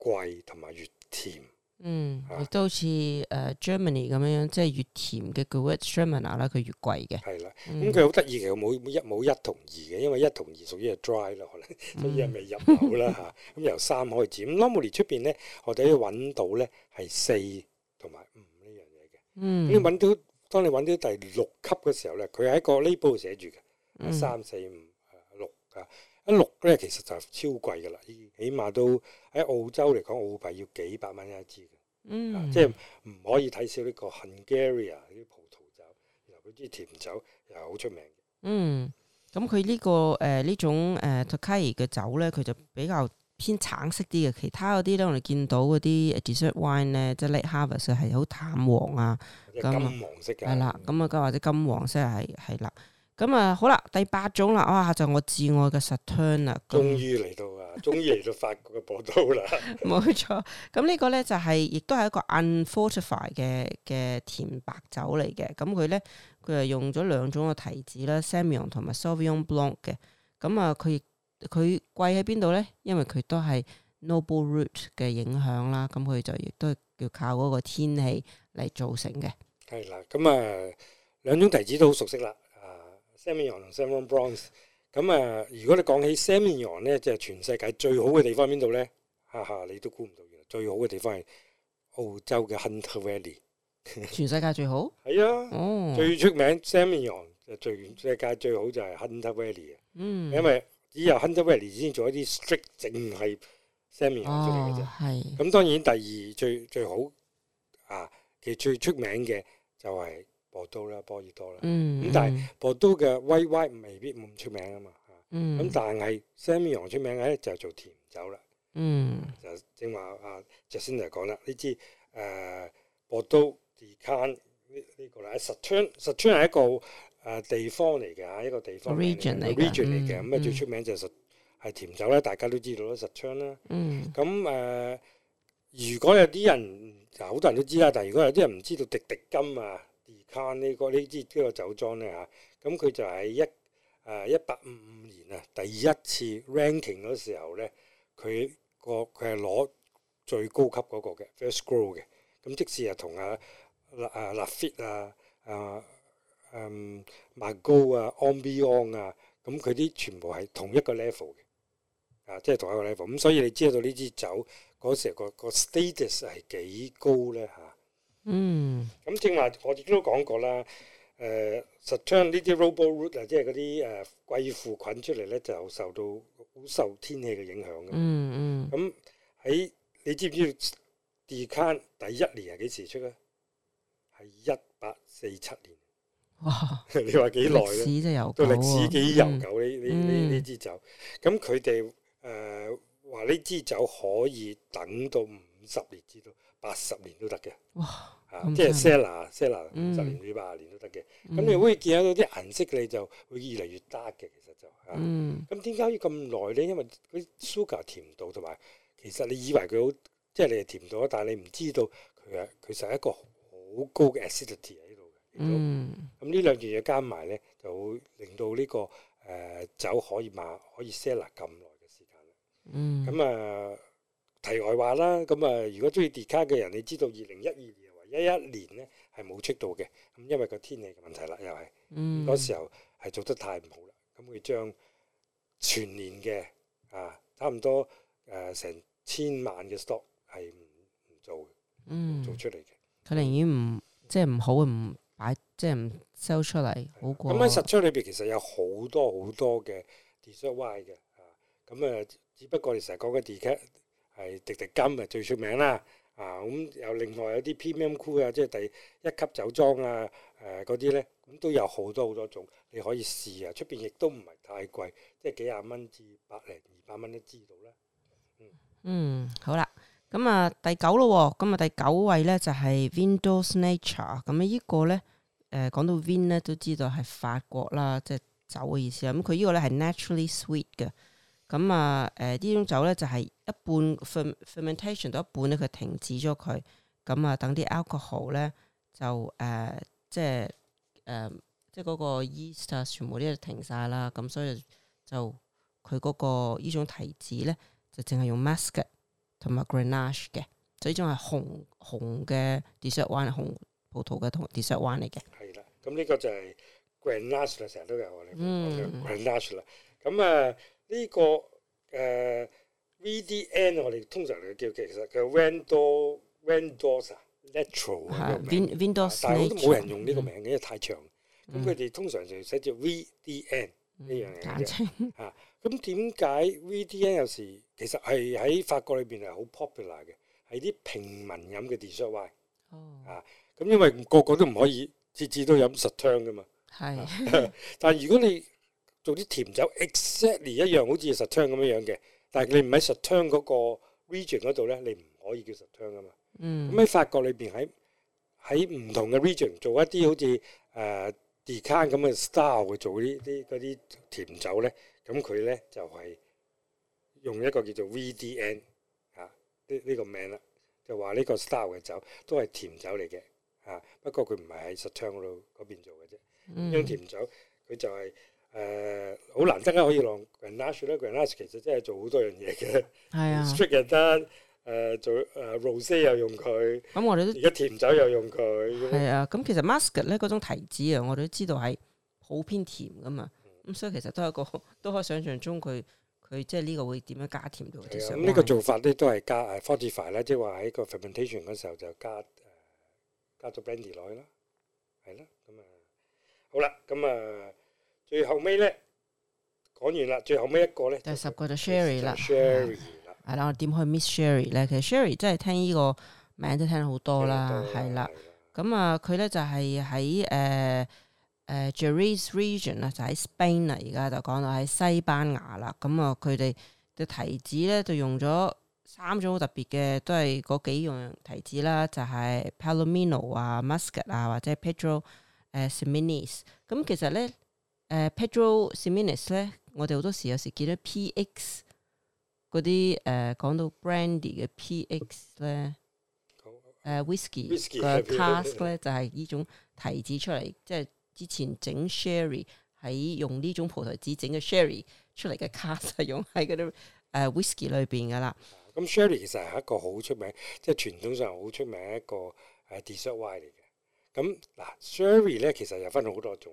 貴同埋越甜。嗯，亦都好似誒 Germany 咁樣樣，即係越甜嘅 Gewürztraminer 啦，佢越貴嘅。係啦，咁佢好得意嘅，冇一冇一同二嘅，因為一同二屬於係 dry 咯、 嗯，可能所以係未入口啦嚇。咁由三開始，咁 normally 出邊咧，我哋要揾到咧係四同埋五呢樣嘢嘅。嗯，咁你揾到，當你揾到第六級嘅時候咧，佢喺個 label 寫住嘅、嗯嗯，三四五六啊。一六咧，其實就超貴噶啦，起碼都喺澳洲嚟講，澳幣要幾百蚊一支嘅。嗯，啊、即係唔可以睇少呢個 Hungaria 啲葡萄酒，嗱嗰啲甜酒又好出名。嗯，咁佢、呢個呃呃、呢個誒呢種誒 Tokay 嘅酒咧，佢就比較偏橙色啲嘅。其他嗰啲咧，我哋見到嗰啲 dessert wine 咧，即係 late harvest 係好淡黃啊，金黃色嘅係啦，咁啊、嗯，嗯、或者金黃色係係啦。咁啊，好啦，第八種啦，啊，就是、我至愛嘅 Sauternes 啦，終於嚟到啊，終於嚟到法國嘅波多啦， 冇錯。咁呢個咧就係、是，亦都係一個 unfortified 嘅嘅甜白酒嚟嘅。咁佢咧，佢係用咗兩種嘅提子啦 Semillon 同埋 Sauvignon Blanc 嘅。咁啊，佢佢貴喺邊度咧？因為佢都係 Noble Rot 嘅影響啦。咁佢就亦都係要靠嗰個天氣嚟造成嘅。係啦，咁啊，兩種提子都好熟悉啦。Semillon 同 Semillon Bronze，咁、嗯、啊，如果你講起 Semillon 咧，就係全世界最好嘅地方喺邊度咧？哈哈，你都估唔到嘅，最好嘅地方係澳洲嘅 Hunter Valley。 全世界最好？係 啊，oh. 最出名 Semillon 就最世界最好就係 Hunter Valley 啊。嗯，因為只有 Hunter Valley 先做一啲 strict，淨係 Semillon 出嚟嘅啫。係。咁當然第二最最好啊，其實最出名嘅就係、是。波多啦，波爾多啦，咁但係博都嘅 white white 未必咁出名啊嘛，咁、嗯、但係 Semillon 出名咧就係做甜酒啦，嗯、就正話啊 Jacinda 就講啦。呢支誒、呃、波多 decan 呢呢個咧、啊，Sauternes Sauternes 係一個誒地方嚟嘅嚇，一個地方，個地方個 region 嚟嘅，咁啊最出名就實係甜酒啦。大家都知道啦，Sauternes 啦。咁誒如果有啲人嗱，好多人都知啦，但係如果有啲人唔知道滴滴金啊？康利哥呢支呢個酒莊咧嚇，咁佢就喺一誒一八五五年啊，第一次 ranking 嗰時候咧，佢個佢係攞最高級嗰個嘅 First Grow 嘅，咁即使係同阿 Lafite 阿 Lafite 啊啊 Margaux 啊 Haut-Brion 啊，咁佢啲全部係同一個 level 嘅，啊即係同一個 level，咁、嗯、所以你知道呢支酒嗰時候個個 status 係幾高咧嚇？啊。嗯，咁正話我哋都講過啦，誒、呃，實將呢啲 robot root 啊，即係嗰啲誒貴腐菌出嚟咧，就受到好受天氣嘅影響嘅、嗯。嗯嗯。咁喺你知唔知道？Decan 第一年係幾時出啊？係一八四七年。哇！ 你話幾耐咧？歷史真係悠久，幾悠久？呢呢呢支酒，咁佢哋誒話呢支酒可以等到五十年至到八十年都得嘅。哇！ 啊、即係 cellar cellar、mm hmm. 五十年至八十年都得嘅。咁你可以見到啲顏色，你就會越嚟越 dark 嘅。其實就嚇，咁點解要咁耐咧？因為嗰啲 sugar 甜度同埋，其實你以為佢好即係你係甜度，但係你唔知道佢係佢實係一個好高嘅 acidity 喺度嘅。咁、mm hmm. 嗯、呢兩樣嘢加埋咧，就會令到呢、呢個誒、呃、酒可以賣可以 cellar 咁耐嘅時間。Mm hmm. 嗯，咁啊題外話啦，咁啊，如果鍾意跌卡嘅人，你知道二零一二年。一一年咧係冇出到嘅，咁因為個天氣嘅問題啦，又係嗰、嗯、時候係做得太唔好啦，咁佢將全年嘅啊差唔多誒成、啊、千萬嘅 stock 係唔做，唔做出嚟嘅。佢寧願唔即係唔好唔擺，即係唔 sell 出嚟好過、嗯。咁喺實操裏邊其實有好多好多嘅 dessert wine 嘅，啊咁啊，只不過你成日講嘅 D e 卡係滴滴金啊最出名啦。啊，咁、嗯、又另外有啲 Premier Cru 啊，即係第一級酒莊啊，誒嗰啲咧，咁都有好多好多種，你可以試啊，出邊亦都唔係太貴，即係幾廿蚊至百零二百蚊都知道啦。嗯，嗯好啦，咁啊第九咯，咁啊第九位咧就係、是、Vin Doux Nature，咁啊依個咧誒、呃、講到 Vin 咧都知道係法國啦，即、就、係、是、酒嘅意思啊。咁佢依個咧係 naturally sweet 嘅。咁啊，誒呢、嗯、種酒咧就係一半 fermentation 到一半咧，佢停止咗佢。咁啊，等啲 alcohol 咧就誒、呃，即係誒、呃，即係嗰個 yeast 啊，全部都停晒啦。咁、嗯、所以就佢嗰、那個呢種提子咧，就淨係用 Muscat 同埋 Grenache 嘅，所以呢種係紅紅嘅 dessert wine，紅葡萄嘅同 dessert wine 嚟嘅。係啦、嗯，咁呢個就係 Grenache 啦，成日都有 Grenache 啦。咁啊～呢、這個誒、呃、VDN 我哋通常嚟叫，其實叫 Vin Doux Vin Doux Naturel。Vin Doux 但係都冇人用呢個名嘅，因為太長。咁佢哋通常就寫住 VDN 呢樣嘢。簡稱。咁點解 VDN 有時其實係喺法國裏邊係好 popular 嘅，係啲平民飲嘅 dessert wine。哦。啊，咁因為個個都唔可以次次都飲 Sauternes 㗎嘛。係、嗯。嗯、但係如果你做啲甜酒，exactly 一樣好似 Sauternes 咁樣樣嘅，但係你唔喺 Sauternes 嗰個 region 嗰度咧，你唔可以叫 Sauternes 噶嘛。咁喺、嗯、法國裏邊喺喺唔同嘅 region 做一啲好似誒 design 咁嘅 style 去做啲啲嗰啲甜酒咧，咁佢咧就係、是、用一個叫做 VDN 嚇、啊、呢呢、呢個名啦，就話呢個 style 嘅酒都係甜酒嚟嘅嚇，不過佢唔係喺 Sauternes 嗰度嗰邊做嘅啫，呢種、嗯、甜酒佢就係、是。誒好、uh, 難得啊！可以用，Grenache Grenache 其實真係做好多樣嘢嘅。係啊，strich 又得誒，做誒、呃、rose 又用佢咁，我哋都而家甜酒又用佢係啊。咁其實 Muscat 咧嗰種提子啊，我哋都知道係好偏甜噶嘛。咁、嗯、所以其實都一個都可以想象中佢佢即係呢個會點樣加甜到？係呢、啊嗯、個做法咧都係加誒 fortify 咧，即係話喺個 fermentation 嗰時候就加加咗 brandy 落去啦，係啦、啊。咁、嗯、啊，好啦，咁、嗯、啊。嗯最後尾咧，講完啦。最後尾一個咧，第十個就 Sherry 啦。係啦、啊啊，我點可以 Miss Sherry 咧？其實 Sherry 真係聽呢個名都聽好多啦，係啦。咁啊的，佢咧就係喺誒誒 Jerez region 啊，就喺 Spain 啊，而、呃、家、呃、就講到喺西班牙啦。咁、嗯呃就是、啊，佢哋嘅提子咧就用咗三種好特別嘅，都係嗰幾樣提子啦，就係 Palomino 啊、Muscat 啊或者 Pedro 誒、啊、Seminis。咁 Sem、啊嗯、其實咧。誒 Pedro Ximenez 咧，我哋好多時有時見到 p x 嗰啲，誒講到 brandy 嘅 p x 咧，誒 whisky 嘅 cask 咧就係呢種提子出嚟，即、就、係、是、之前整 sherry 喺用呢種葡萄子整嘅 sherry 出嚟嘅 cask 係用喺嗰啲誒 whisky 裏邊噶啦。咁、呃、sherry、嗯、其實係一個好出名，即、就、係、是、傳統上好出名一個誒 dessert wine 嚟嘅。咁嗱 sherry 咧，其實又分好多種。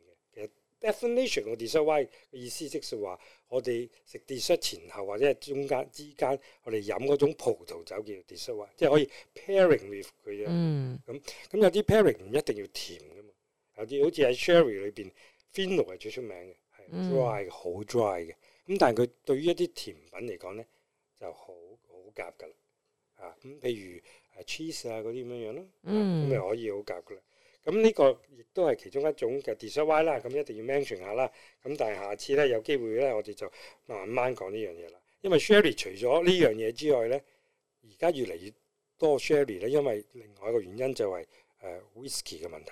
Definition 個 dessert wine 嘅意思即是話，我哋食 dessert 前後或者係中間之間，我哋飲嗰種葡萄酒叫做 dessert wine 即係可以 pairing with 佢啫、嗯嗯。咁咁有啲 pairing 唔一定要甜噶嘛，有啲好似喺 sherry 裏邊 Fino 係最出名嘅，係 dry 好 dry 嘅。咁、嗯嗯、但係佢對於一啲甜品嚟講咧，就好好夾噶啦。啊咁，譬、嗯、如啊、uh, cheese 啊嗰啲咁樣樣咯，咁咪、嗯啊、可以好夾噶啦。咁呢、嗯嗯、個亦都係其中一種嘅 dessert wine 啦，咁一定要 mention 下啦。咁但係下次咧有機會咧，我哋就慢慢講呢樣嘢啦。因為 sherry 除咗呢樣嘢之外咧，而家越嚟越多 sherry 咧，因為另外一個原因就係、是、誒、呃、whisky 嘅問題，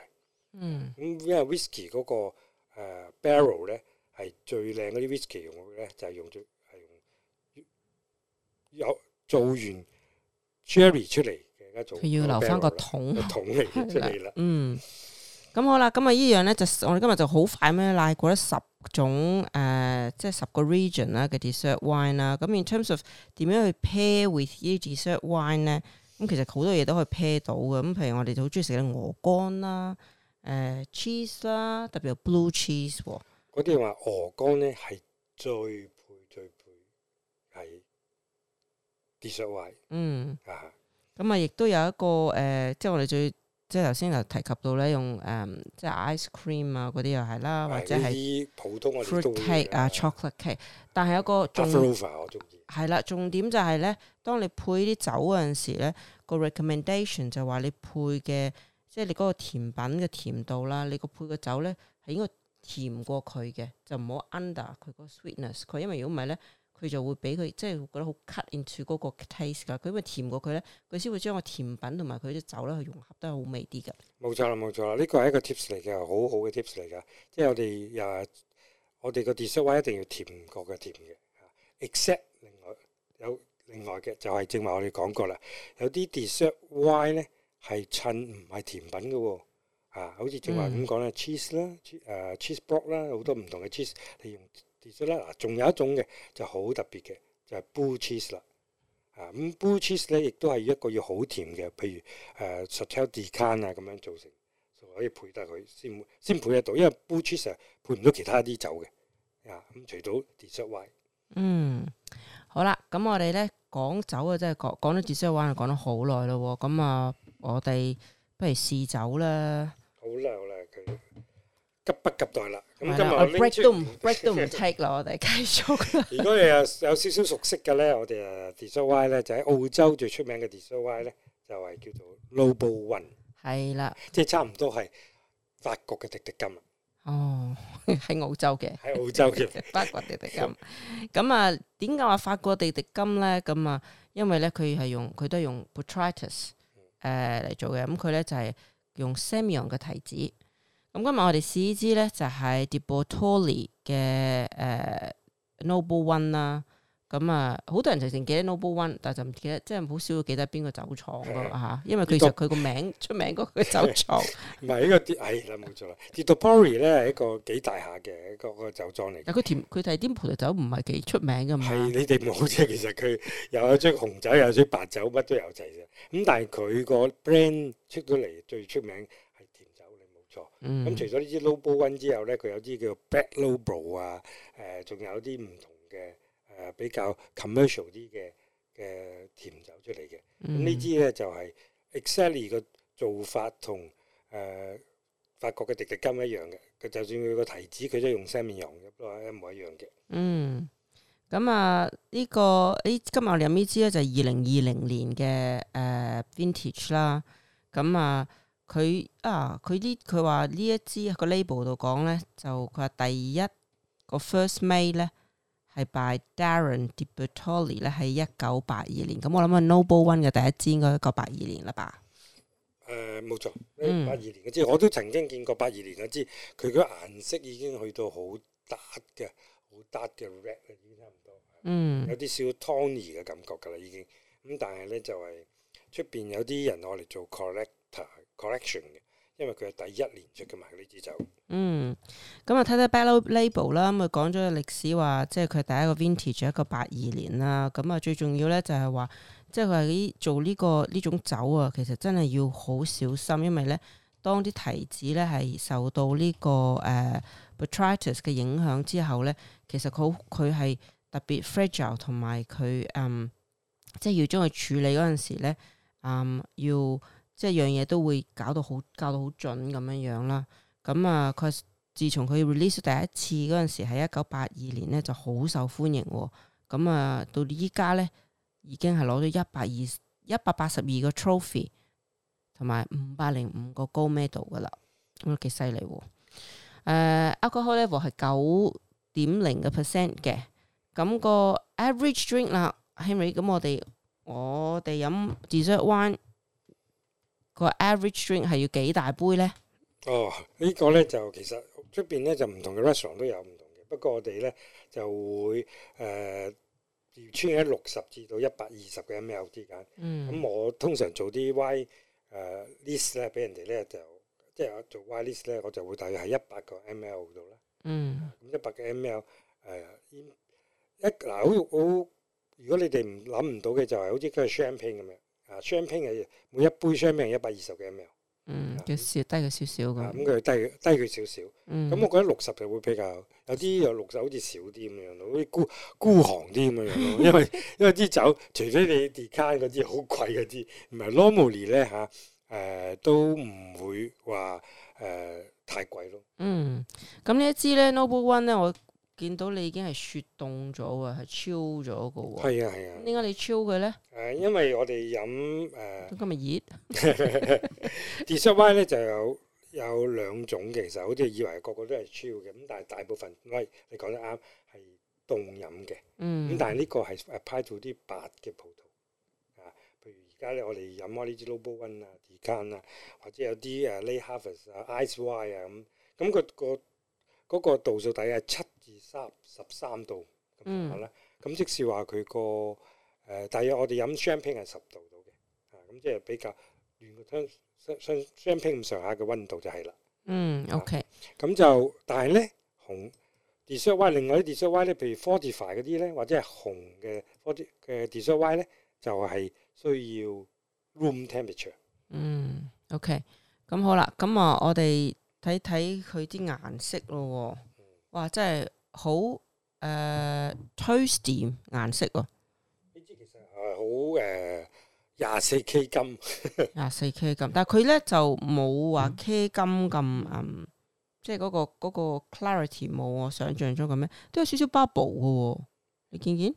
嗯。咁因為 whisky 嗰、那個誒、呃、barrel 咧係最靚啲 whisky 用咧，就係、是、用咗係用有做完 sherry 出嚟。佢要留翻個桶，桶來來、嗯，呃、個桶嚟啦。嗯，咁好啦，咁啊，呢樣咧就我哋今日就好快咩，拉過咗十種誒，即係十個 region 啦嘅 dessert wine 啦。咁 in terms of 點樣去 pair with 呢 dessert wine 咧？咁其實好多嘢都可以 pair 到嘅。咁譬如我哋就好中意食嘅鵝肝啦，誒，cheese 啦，特別係 blue cheese。嗰啲人話鵝肝咧係最配最配係 dessert wine。嗯咁啊，亦、嗯、都有一個誒、呃，即係我哋最，即係頭先提及到咧，用誒、嗯，即係 ice cream 啊，嗰啲又係啦，或者係普通 fruit cake 啊，chocolate cake，、uh, 但係有個重點，係啦，重點就係咧，當你配啲酒嗰陣時咧，嗯、個 recommendation 就話你配嘅，即、就、係、是、你嗰個甜品嘅甜度啦，你個配嘅酒咧係應該甜過佢嘅，就唔好 under 佢嗰個 sweetness，佢因為如果唔係咧。佢就會俾佢即係覺得好 cut into 嗰個 taste 㗎。佢因為甜過佢咧，佢先會將個甜品同埋佢啲酒咧去融合得好味啲㗎。冇錯啦，冇錯啦，呢個係一個 tips 嚟嘅，好好嘅 tips 嚟㗎。即係我哋啊，我哋個 dessert wine 一定要甜過嘅甜嘅。啊、except 另外有另外嘅就係正話我哋講過啦，有啲 dessert wine 咧係襯唔係甜品嘅喎。啊，好似正話咁講咧，cheese 啦，誒 cheese block 啦，好、啊、多唔同嘅 cheese，你用。dessert 啦，嗱，仲有一種嘅就好特別嘅，就係 blue cheese 啦，啊，咁 blue cheese 咧，亦都係一個要好甜嘅，譬如誒 sotelle di can 啊咁樣做成，所以可以配得佢先先配得到，因為 blue cheese 係配唔到其他啲酒嘅，啊，咁除到 dessert wine。嗯，好啦，咁我哋咧講酒啊，真係講講到 dessert wine，講咗好耐咯，咁啊，我哋不如試酒啦。好啦，好啦，佢急不及待啦。咁今日都唔 break 都唔 take 咯，我哋繼續啦。如果你有有少少熟悉嘅咧，我哋誒 dessert wine 咧就喺澳洲最出名嘅 dessert wine 咧，就係叫做 Noble One。係啦，即係差唔多係法國嘅滴滴金啊！哦，喺澳洲嘅，喺澳洲嘅法國滴滴金。咁啊，點解話法國滴滴金咧？咁啊，因為咧佢係用佢都係用 Botrytis 誒嚟做嘅。咁佢咧就係用 Semillon 嘅提子。咁今日我哋試一支咧，就係 De Bortoli 嘅誒 Noble One 啦。咁啊，好多人成成記得 Noble One，但係就唔記得，即係好少記得邊個酒廠噶吓的、啊。因為其實佢個名出名嗰個酒廠。唔係呢個哎，係啦冇錯啦。De Bortoli 咧係一個幾大下嘅一,一個酒莊嚟。嘅。但係佢甜，佢係啲葡萄酒唔係幾出名噶嘛。係的的你哋冇即其實佢又有啲紅酒，又 有啲白酒，乜都有齊嘅。咁但係佢個 brand 出咗嚟最出名。咁、嗯、除咗呢支 Noble One 之後咧，佢有啲叫 Black Noble 啊，誒、呃，仲有啲唔同嘅誒、呃、比較 commercial 啲嘅嘅甜酒出嚟嘅。咁、嗯、呢支咧就係、是、Excelly 嘅做法同誒、呃、法國嘅滴滴金一樣嘅。佢就算佢個提子，佢都用 s e 西米蓉，都係一模一樣嘅、嗯。嗯。咁啊，呢、這個誒今日我哋飲呢支咧就係二零二零年嘅誒、呃、Vintage 啦。咁、嗯、啊。嗯佢啊，佢呢？佢話呢一支個 label 度講呢，就佢話第一個 first made 咧係 by Darren De Bortoli 呢係一九八二年。咁、嗯、我諗啊，Noble One 嘅第一支應該一九八二年啦吧？誒冇、呃、錯，八二、嗯、年嘅支、嗯、我都曾經見過八二年嘅支。佢個顏色已經去到好 dark 嘅，好 dark 嘅 red 啦、嗯，已經差唔多。嗯，有啲小 tony 嘅感覺㗎啦，已經咁。但係呢，就係出邊有啲人攞嚟做 collector。collection 嘅，因為佢係第一年出嘅嘛，呢支酒。嗯，咁啊睇睇 Back Label 啦，咁佢講咗個歷史話，即係佢係第一個 vintage，一個八二年啦。咁啊，最重要咧就係話，即係佢係做呢、這個呢種酒啊，其實真係要好小心，因為咧，當啲提子咧係受到呢、這個誒 botrytis 嘅影響之後咧，其實佢好佢係特別 fragile，同埋佢嗯，即、就、係、是、要將佢處理嗰陣時咧，嗯要。即係樣嘢都會搞到好，搞到好準咁樣樣啦。咁啊，佢、呃、自從佢 release 第一次嗰陣時，喺一九八二年咧就好受歡迎喎、哦。咁啊、呃，到依家咧已經係攞咗一百二一百八十二個 trophy，同埋五百零五個 gold medal 噶啦。咁都幾犀利喎！誒，alcohol level 係九點零嘅 percent 嘅。咁、那個 average drink 啦、啊，Henry。咁我哋我哋飲 dessert wine。個 average drink 係要幾大杯咧？哦，呢個咧就其實出面咧就唔同嘅 restaurant 都有唔同嘅，不過我哋咧就會誒穿喺六十至到一百二十個 m l 之間。嗯，咁我通常做啲 y 誒 list 咧，俾人哋咧就即係做 y list 咧，我就會大概喺一百個 m l 度啦。嗯，一百個 m l 誒一嗱，好好，如果你哋唔諗唔到嘅就係好似嗰個 Champagne 咁樣。啊，香檳係每一杯香檳係一百二十幾 m l，嗯，嘅少、啊、低咗少少咁，咁佢低低咗少少，咁、嗯、我覺得六十就會比較有啲有六十好似少啲咁樣咯，好似孤孤寒啲咁樣咯，因為因為啲酒除非你 decant 嗰啲好貴嗰啲，唔係 Normally 咧吓，誒、啊呃、都唔會話誒、呃、太貴咯。嗯，咁呢一支咧，Noble One 咧我。見到你已經係雪凍咗啊，係超咗個喎。係啊係啊，點解你超佢咧？誒，因為我哋飲誒、呃、 今日熱 dessert wine 咧就有有兩種。其實好似以為個個都係超嘅，咁但係大部分喂 你講得啱係凍飲嘅。咁、嗯、但係呢個係派做啲白嘅葡萄啊，譬如而家咧我哋飲開呢支 Noble One 啊，dican 啊，或者有啲誒 late harvest 啊，ice wine 啊咁咁佢個嗰、啊那個、那個、數度數底係七。三十三度咁話咧，咁即係話佢個誒，但、呃、係我哋飲 Champagne 係十度到嘅，咁、啊、即係比較暖個 Champagne 咁上下嘅溫度就係啦。嗯，OK。咁就但係咧紅 dessert wine，另外啲 dessert wine 咧，譬如 fortified 嗰啲咧，或者係紅嘅啲嘅 dessert wine 咧，就係需要 room temperature 嗯。嗯，OK。咁好啦，咁啊，我哋睇睇佢啲顏色咯喎，哇，真係～好誒，推店顏色喎。呢支其實係好誒，廿四 K 金，廿四 K 金，但係佢咧就冇話 K 金咁嗯，即係嗰個嗰個 clarity 冇我想象中咁咩，都有少少 bubble 嘅喎。你見唔見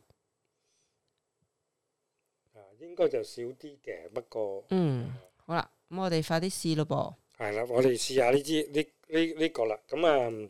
啊？應該就少啲嘅，不過嗯，好啦，咁我哋快啲試咯噃。係啦，我哋試下呢支呢呢呢個啦，咁啊。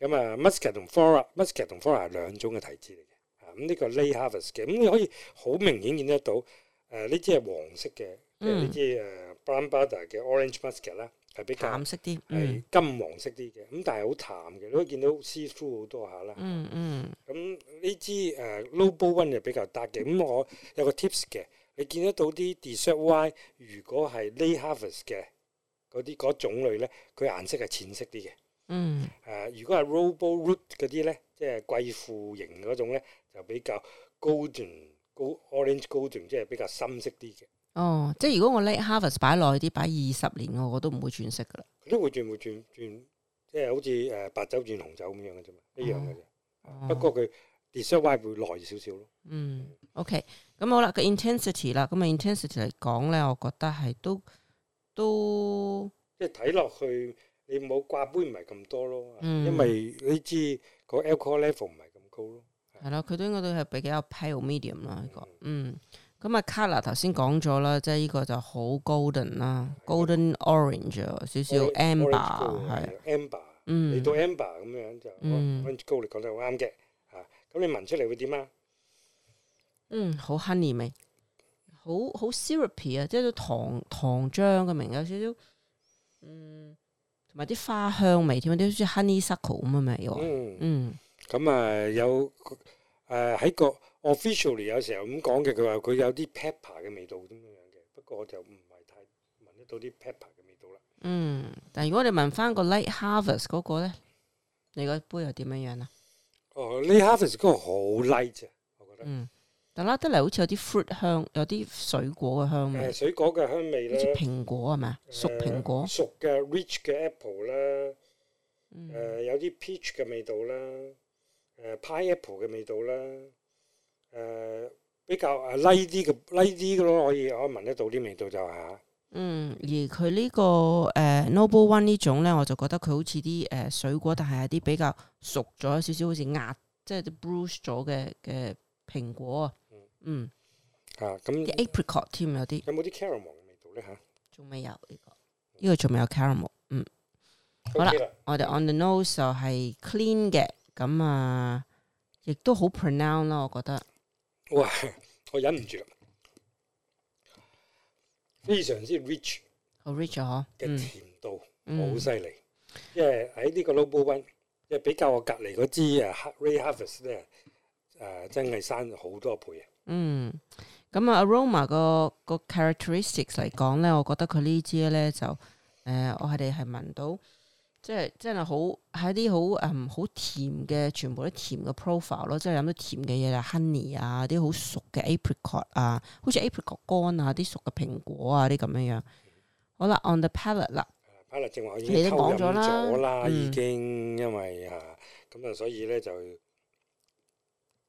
咁啊 Muscat 同 Flora Muscat 同 Flora 係兩種嘅提子嚟嘅嚇。咁、這、呢個 late harvest 嘅，咁、啊、你可以好明顯見得到誒呢支係黃色嘅，誒呢支誒 Brown Butter 嘅 Orange Muscat 啦，係比較淡色啲，係、嗯、金黃色啲嘅。咁、嗯、但係好淡嘅，你可以見到 see through 好多下啦、嗯。嗯嗯。咁呢支誒 Noble One 又比較搭嘅。咁、啊、我有個 tips 嘅，你見得到啲 dessert wine 如果係 late harvest 嘅嗰啲嗰種類咧，佢顏色係淺色啲嘅。嗯，誒、呃，如果係 noble rot 嗰啲咧，即係貴腐型嗰種咧，就比較 golden Gold,、高 orange golden，即係比較深色啲嘅。哦，即係如果我 late harvest 擺耐啲，擺二十年，我我都唔會轉色噶啦。都會轉，會轉轉，即係好似誒白酒轉紅酒咁樣嘅啫嘛，一樣嘅啫。不過佢 describe 會耐少少咯。嗯，是嗯，OK，咁好啦，個 intensity 啦，咁、那、啊、個、intensity 嚟講咧，我覺得係都都即係睇落去。你冇掛杯唔係咁多咯，因為你知個 alcohol level 唔係咁高咯。係咯，佢都應該都係比較 pale medium 啦。呢個嗯咁啊，color 頭先講咗啦，即係呢個就好 golden 啦，golden orange 少少 amber 係 amber，嗯，嚟到 amber 咁樣就高，你講得好啱嘅吓。咁你聞出嚟會點啊？嗯，好 honey 味，好好 syrupy 啊，即係啲糖糖漿嘅名，有少少嗯。同埋啲花香味添，啲好似 honeysuckle 咁嘅味喎，又嗯，咁啊有誒喺個 officially 有時候咁講嘅，佢話佢有啲 pepper 嘅味道咁樣樣嘅，不過我就唔係太聞得到啲 pepper 嘅味道啦。嗯，但如果你聞翻個 late harvest 嗰個咧，你個杯又點樣樣啊？哦，late harvest 嗰個好 light 啊，我覺得。但拉得嚟好似有啲 fruit 香，有啲水果嘅香味。水果嘅香味咧，好似蘋果係咪啊？熟蘋果。呃、熟嘅 rich 嘅 apple 啦、嗯。誒、呃、有啲 peach 嘅味道啦，誒、呃、pie apple 嘅味道啦，誒、呃、比較誒 low 啲嘅 low 啲嘅咯，可以我聞得到啲味道就係、是、嗯，而佢呢、這個誒、呃、Noble One 種呢種咧，我就覺得佢好似啲誒水果，但係啲比較熟咗少少，好似壓即係 bruised 咗嘅嘅蘋果。嗯，嚇咁啲 apricot 添有啲，有冇啲 caramel 嘅味道咧嚇？仲未有呢個，呢個仲未有 caramel。嗯，好啦，我哋 on the nose 就係 clean 嘅，咁啊，亦都好 pronounced 咯，我覺得。哇！我忍唔住啦，非常之 rich，好 rich 嗬，嘅甜度好犀利，因為喺呢個 Noble One，即係比較我隔離嗰支啊 Ray Harvest 咧。誒、啊，真係生咗好多倍啊！嗯，咁、那、啊、個、，Aroma 個個 characteristics 嚟講咧，我覺得佢呢支咧就誒、呃，我係哋係聞到，即係真係好喺啲好嗯好甜嘅，全部都甜嘅 profile 咯，即係飲到甜嘅嘢就 honey 啊，啲好熟嘅 apricot 啊，好似 apricot 乾啊，啲熟嘅蘋果啊，啲咁樣樣。好啦，on the palate 啦，你都講咗啦，嗯、已經，因為啊，咁、嗯、啊，所以咧就。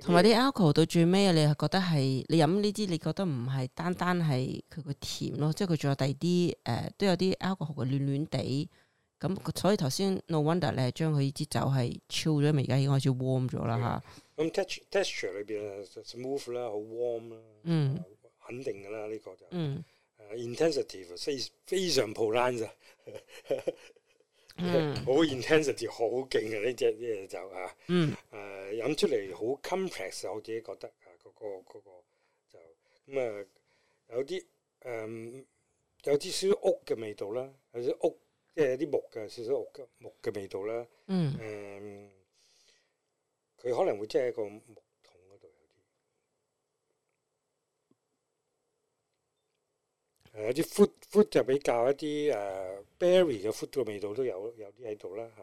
同埋啲 alcohol 到最尾，你係覺得係你飲呢啲，你覺得唔係單單係佢個甜咯，即係佢仲有第二啲誒，都有啲 alcohol 嘅暖暖地。咁、嗯嗯嗯、所以頭先 no wonder 你係將佢呢支酒係超咗，而家已經開始 warm 咗啦嚇。咁 texture 裏邊咧 smooth 啦，好 warm 啦，嗯，肯定噶啦呢個就嗯、uh, intensive，非常 polite 嗯，好 intensive 啲，好勁嘅呢隻呢就啊，嗯，誒飲出嚟好 complex，我自己覺得啊，嗰個嗰個就咁啊，有啲誒有啲少少屋嘅味道啦，有啲屋即係有啲木嘅少少屋嘅木嘅味道啦，嗯，誒，佢可能會即係一個。係有啲 food，food 就比較一啲誒 berry 嘅 food 嘅味道都有，有啲喺度啦嚇。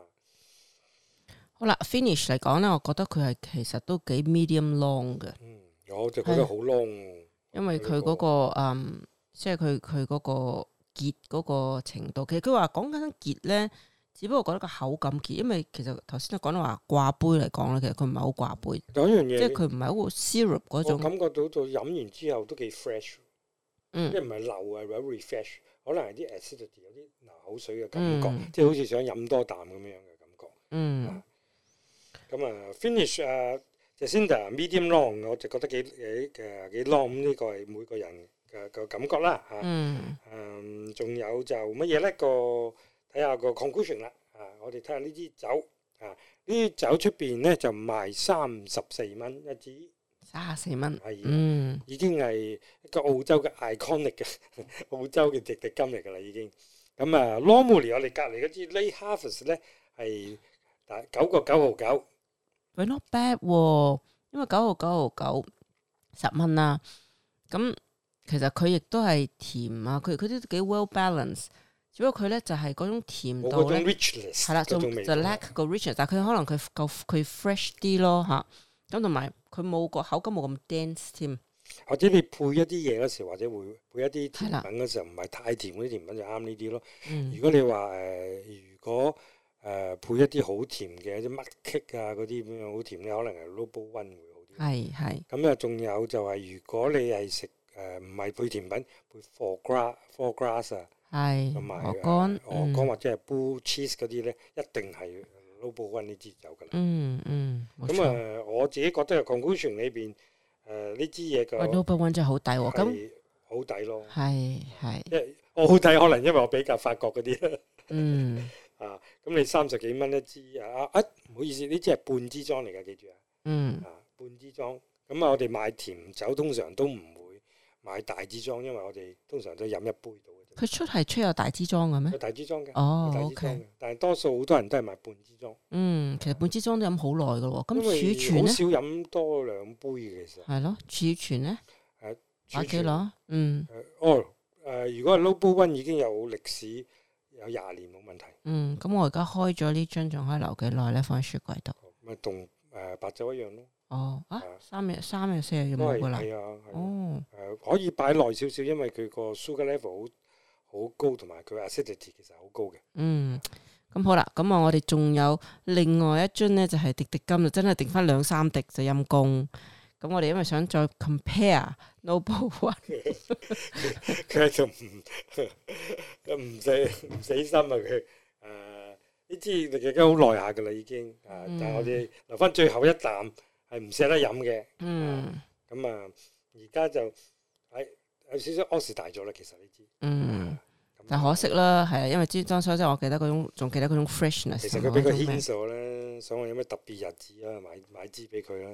好啦，finish 嚟講咧，我覺得佢係其實都幾 medium long 嘅。嗯，我就覺得好 long，因為佢嗰個嗯，即係佢佢嗰個結嗰個程度。其實佢話講緊結咧，只不過覺得個口感結，因為其實頭先都講到話掛杯嚟講咧，其實佢唔係好掛杯。有一樣嘢，即係佢唔係好 syrup 嗰種。我感覺到就飲完之後都幾 fresh。即係唔係流啊，very fresh，可能係啲 acidity 有啲口水嘅感覺，即係好似想飲多啖咁樣嘅感覺。嗯。咁啊，finish 啊，tender medium long，我就覺得幾幾嘅幾 long，呢個係每個人嘅個感覺啦嚇。嗯。誒，仲有就乜嘢咧？個睇下個 conclusion 啦。啊，我哋睇下呢支酒。啊，呢支酒出邊咧就賣三十四蚊一支。卅四蚊，嗯，已經係個澳洲嘅 iconic 嘅澳洲嘅滴滴金嚟㗎啦，已經。咁啊，normally 我哋隔離嗰支 late harvest 咧係打九個九毫九，喂 not bad 喎，因為九毫九毫九十蚊啦。咁其實佢亦都係甜啊，佢佢都幾 well balanced，只不過佢咧就係嗰種甜度咧係啦，就就 lack 個 richness，但係佢可能佢夠佢 fresh 啲咯嚇，咁同埋。佢冇個口感冇咁 dense 添，或者你配一啲嘢嗰時，或者會配一啲甜品嗰時候，唔係的太甜嗰啲甜品就啱呢啲咯。如果你話誒，如果誒配一啲好甜嘅一啲乜 cake 啊嗰啲咁樣好甜嘅，可能係 Noble One 會好啲。係係。咁啊，仲有就係如果你係食誒唔係配甜品，配 foie gras foie gras 啊，係有，同埋乾鵝肝或者係 blue cheese 嗰啲咧，一定係。Noble One 呢支有噶啦，嗯嗯，咁啊，我自己覺得啊，Conclusion 裏邊誒呢支嘢個 Noble One 真係好抵喎，咁好抵咯，係係，我好抵可能因為我比較法國嗰啲啦，嗯啊，咁你三十幾蚊一支啊啊，唔好意思，呢支係半支裝嚟㗎，記住啊，嗯啊，半支裝，咁啊我哋買甜酒通常都唔會買大支裝，因為我哋通常都飲一杯到。佢出係出有大支裝嘅咩？有大支裝嘅。哦，OK。但係多數好多人都係買半支裝。嗯，其實半支裝都飲好耐嘅咯。咁儲存咧？少飲多兩杯其實。係咯，儲存咧。擺幾耐？嗯。哦，誒，如果係 Noble One 已經有歷史有廿年冇問題。嗯，咁我而家開咗呢樽，仲可以留幾耐咧？放喺雪櫃度。咪同誒白酒一樣咯。哦啊！三日、三日、四日有冇噶啦？啊，係可以擺耐少少，因為佢個 Sugar Level 好好高同埋佢嘅 acidity 其實好高嘅。嗯，咁好啦，咁啊，我哋仲有另外一樽呢，就係滴滴金就真係定翻兩三滴就陰功。咁我哋因為想再 compare Noble One，佢就唔，佢唔死唔死心啊！佢誒，呢支佢而家好耐下噶啦，已經啊，但係我哋留翻最後一啖係唔捨得飲嘅。嗯，咁啊，而家就。有少少 size 大咗啦，其實呢支。嗯，但可惜啦，係啊，因為之當初即係我記得嗰種，仲記得嗰種 freshness。其實佢俾個 hint 咗咧，想 我有咩特別日子啊，買買支俾佢啦。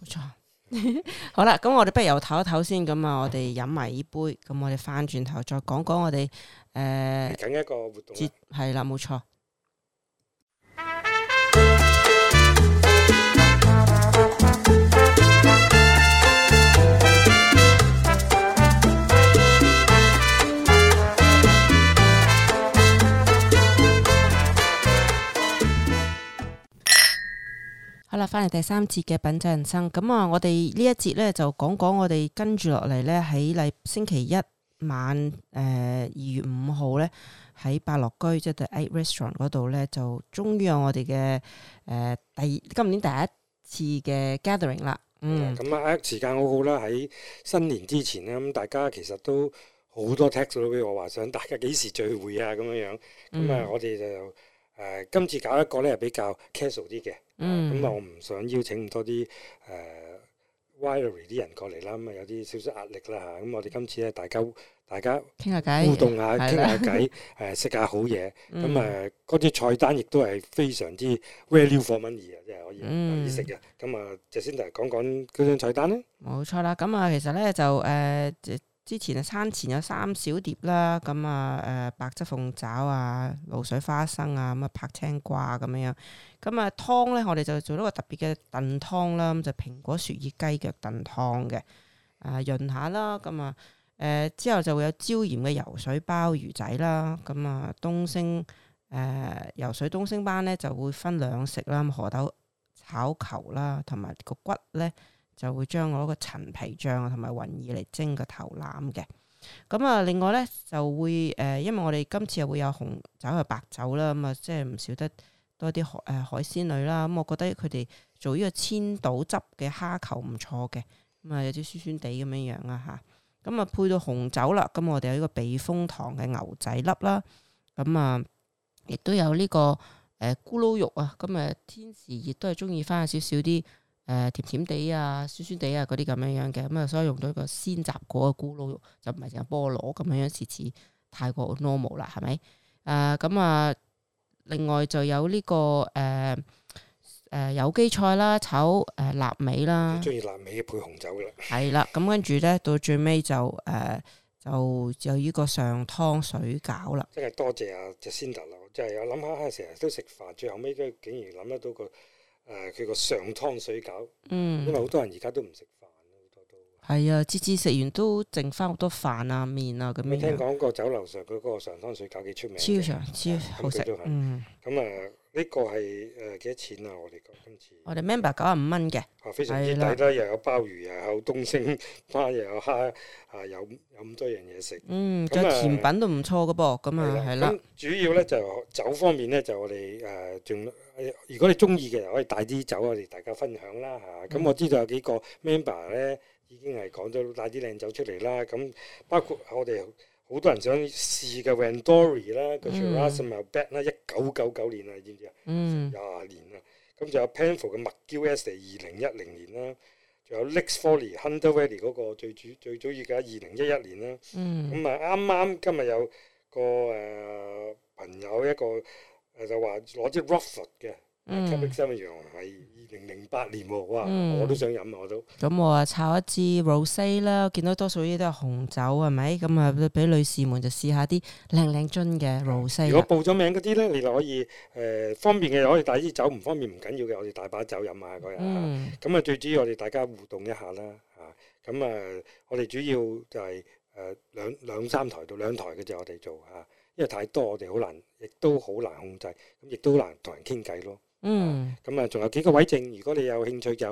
冇錯。好啦，咁我哋不如又唞一唞先，咁啊、嗯，我哋飲埋呢杯，咁我哋翻轉頭再講講我哋誒。緊、嗯呃、一個活動。係啦，冇錯。好啦，翻嚟第三節嘅品酒人生，咁啊，講講我哋呢一節咧就講講我哋跟住落嚟咧，喺禮星期一晚，誒、呃、二月五號咧，喺八樂居即係 The Eight Restaurant 嗰度咧，就終於有我哋嘅誒第今年第一次嘅 gathering 啦。嗯，咁啊時間好好啦，喺新年之前咧，咁大家其實都好多 text 畀我話想大家幾時聚會啊，咁樣樣咁啊，我哋就～誒今次搞一個咧比較 casual 啲嘅，咁啊我唔想邀請咁多啲誒 winey 啲人過嚟啦，咁啊有啲少少壓力啦嚇，咁我哋今次咧大家大家傾下偈，互動下傾下偈，誒食下好嘢，咁啊嗰啲菜單亦都係非常之 value for money 啊，即係可以可以食嘅，咁啊 Jacinda 就係講講嗰張菜單咧，冇錯啦，咁啊其實咧就誒。之前啊，餐前有三小碟啦，咁、嗯、啊，誒白汁鳳爪啊，鹵水花生啊，咁、嗯、啊拍青瓜咁樣樣，咁、嗯、啊湯咧，我哋就做咗個特別嘅燉湯啦，咁、嗯、就是、蘋果雪耳雞腳燉湯嘅，啊、嗯、潤下啦，咁啊誒之後就會有椒鹽嘅油水鮑魚仔啦，咁、嗯、啊東星誒、呃、油水東星斑咧就會分兩食啦，咁、嗯，荷豆炒球啦，同埋個骨咧。就會將我嗰個陳皮醬啊，同埋雲耳嚟蒸個頭腩嘅。咁啊，另外咧就會誒、呃，因為我哋今次又會有紅酒啊、白酒啦，咁、嗯、啊，即係唔少得多啲海誒、呃、海鮮類啦。咁、嗯、我覺得佢哋做呢個千島汁嘅蝦球唔錯嘅。咁、嗯、啊，有啲酸酸地咁樣樣啊吓。咁、嗯、啊、嗯，配到紅酒啦。咁、嗯、我哋有呢個避風塘嘅牛仔粒啦。咁、嗯、啊，亦、嗯、都有呢、這個誒、呃、咕嚕肉啊。咁啊，天時熱都係中意翻少少啲。誒、呃、甜甜地啊，酸酸地啊，嗰啲咁樣樣嘅，咁啊，所以用到一個鮮雜果嘅咕嚕肉，就唔係淨係菠蘿咁樣樣切切，次太過 normal 啦，係咪？誒咁啊，另外就有呢、這個誒誒、呃呃、有機菜啦，炒誒臘味啦，中意臘味配紅酒啦，係啦，咁跟住咧到最尾就誒、呃、就就呢個上湯水餃啦，真係多謝啊，Jacinda 啦，就係、是、我諗下，成日都食飯，最後尾都竟然諗得到個。誒，佢、呃、個上湯水餃，嗯，因為好多人而家都唔食飯，好多都係啊，次次食完都剩返好多飯啊、麵啊咁樣。啊、聽講個酒樓上嗰個上湯水餃幾出名超，超上超好食，嗯，咁啊像。嗯呢個係誒幾多錢啊？我哋今次我哋 member 九十五蚊嘅，啊非常之抵啦，又有鮑魚啊，有東星花，又有蝦，啊有有咁多樣嘢食。嗯，仲有甜品都唔錯㗎噃，咁啊係啦。咁主要咧就酒方面咧就我哋誒仲誒，如果你中意嘅又可以帶啲酒我哋大家分享啦嚇。咁我知道有幾個 member 咧已經係講咗帶啲靚酒出嚟啦。咁包括我哋。好多人想試嘅 Wendouree 啦，個 Shiraz 咪又 back 啦，一九九九年啊，你知唔知啊？廿年啦，咁就有 Penfolds 嘅 Magill Estate 二零一零年啦，仲有 Lakes Folly Hunter Valley 嗰個最早最早，而家二零一一年啦，咁啊啱啱今日有個誒朋友一個誒就話攞支 Rufford 嘅 Capriccio 嘅羊係，零零八年喎，哇！我都想飲啊，我都。咁我啊，抄一支 Rose 啦。見到多數呢啲都係紅酒係咪？咁啊，俾女士們就試下啲靚靚樽嘅 Rose。如果報咗名嗰啲咧，你就可以誒方便嘅可以帶啲酒，唔方便唔緊要嘅，我哋大把酒飲啊嗰日啊。咁啊，最主要我哋大家互動一下啦嚇。咁啊，我哋主要就係誒兩兩三台到兩台嘅就我哋做嚇，因為太多我哋好難，亦都好難控制，咁亦都難同人傾偈咯。嗯，咁啊，仲有幾個位剩，如果你有興趣就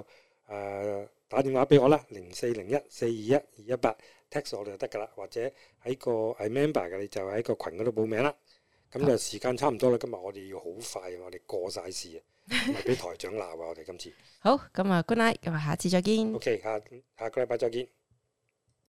誒打電話俾我啦，零四零一四二一二一八 text 我哋就得噶啦，或者喺個係 member 嘅你就喺個群嗰度報名啦。咁就時間差唔多啦，今日我哋要好快，我哋過晒事啊，唔俾台長鬧啊，我哋今次。好，咁啊，good night，咁啊，下次再見。OK，下下個禮拜再見。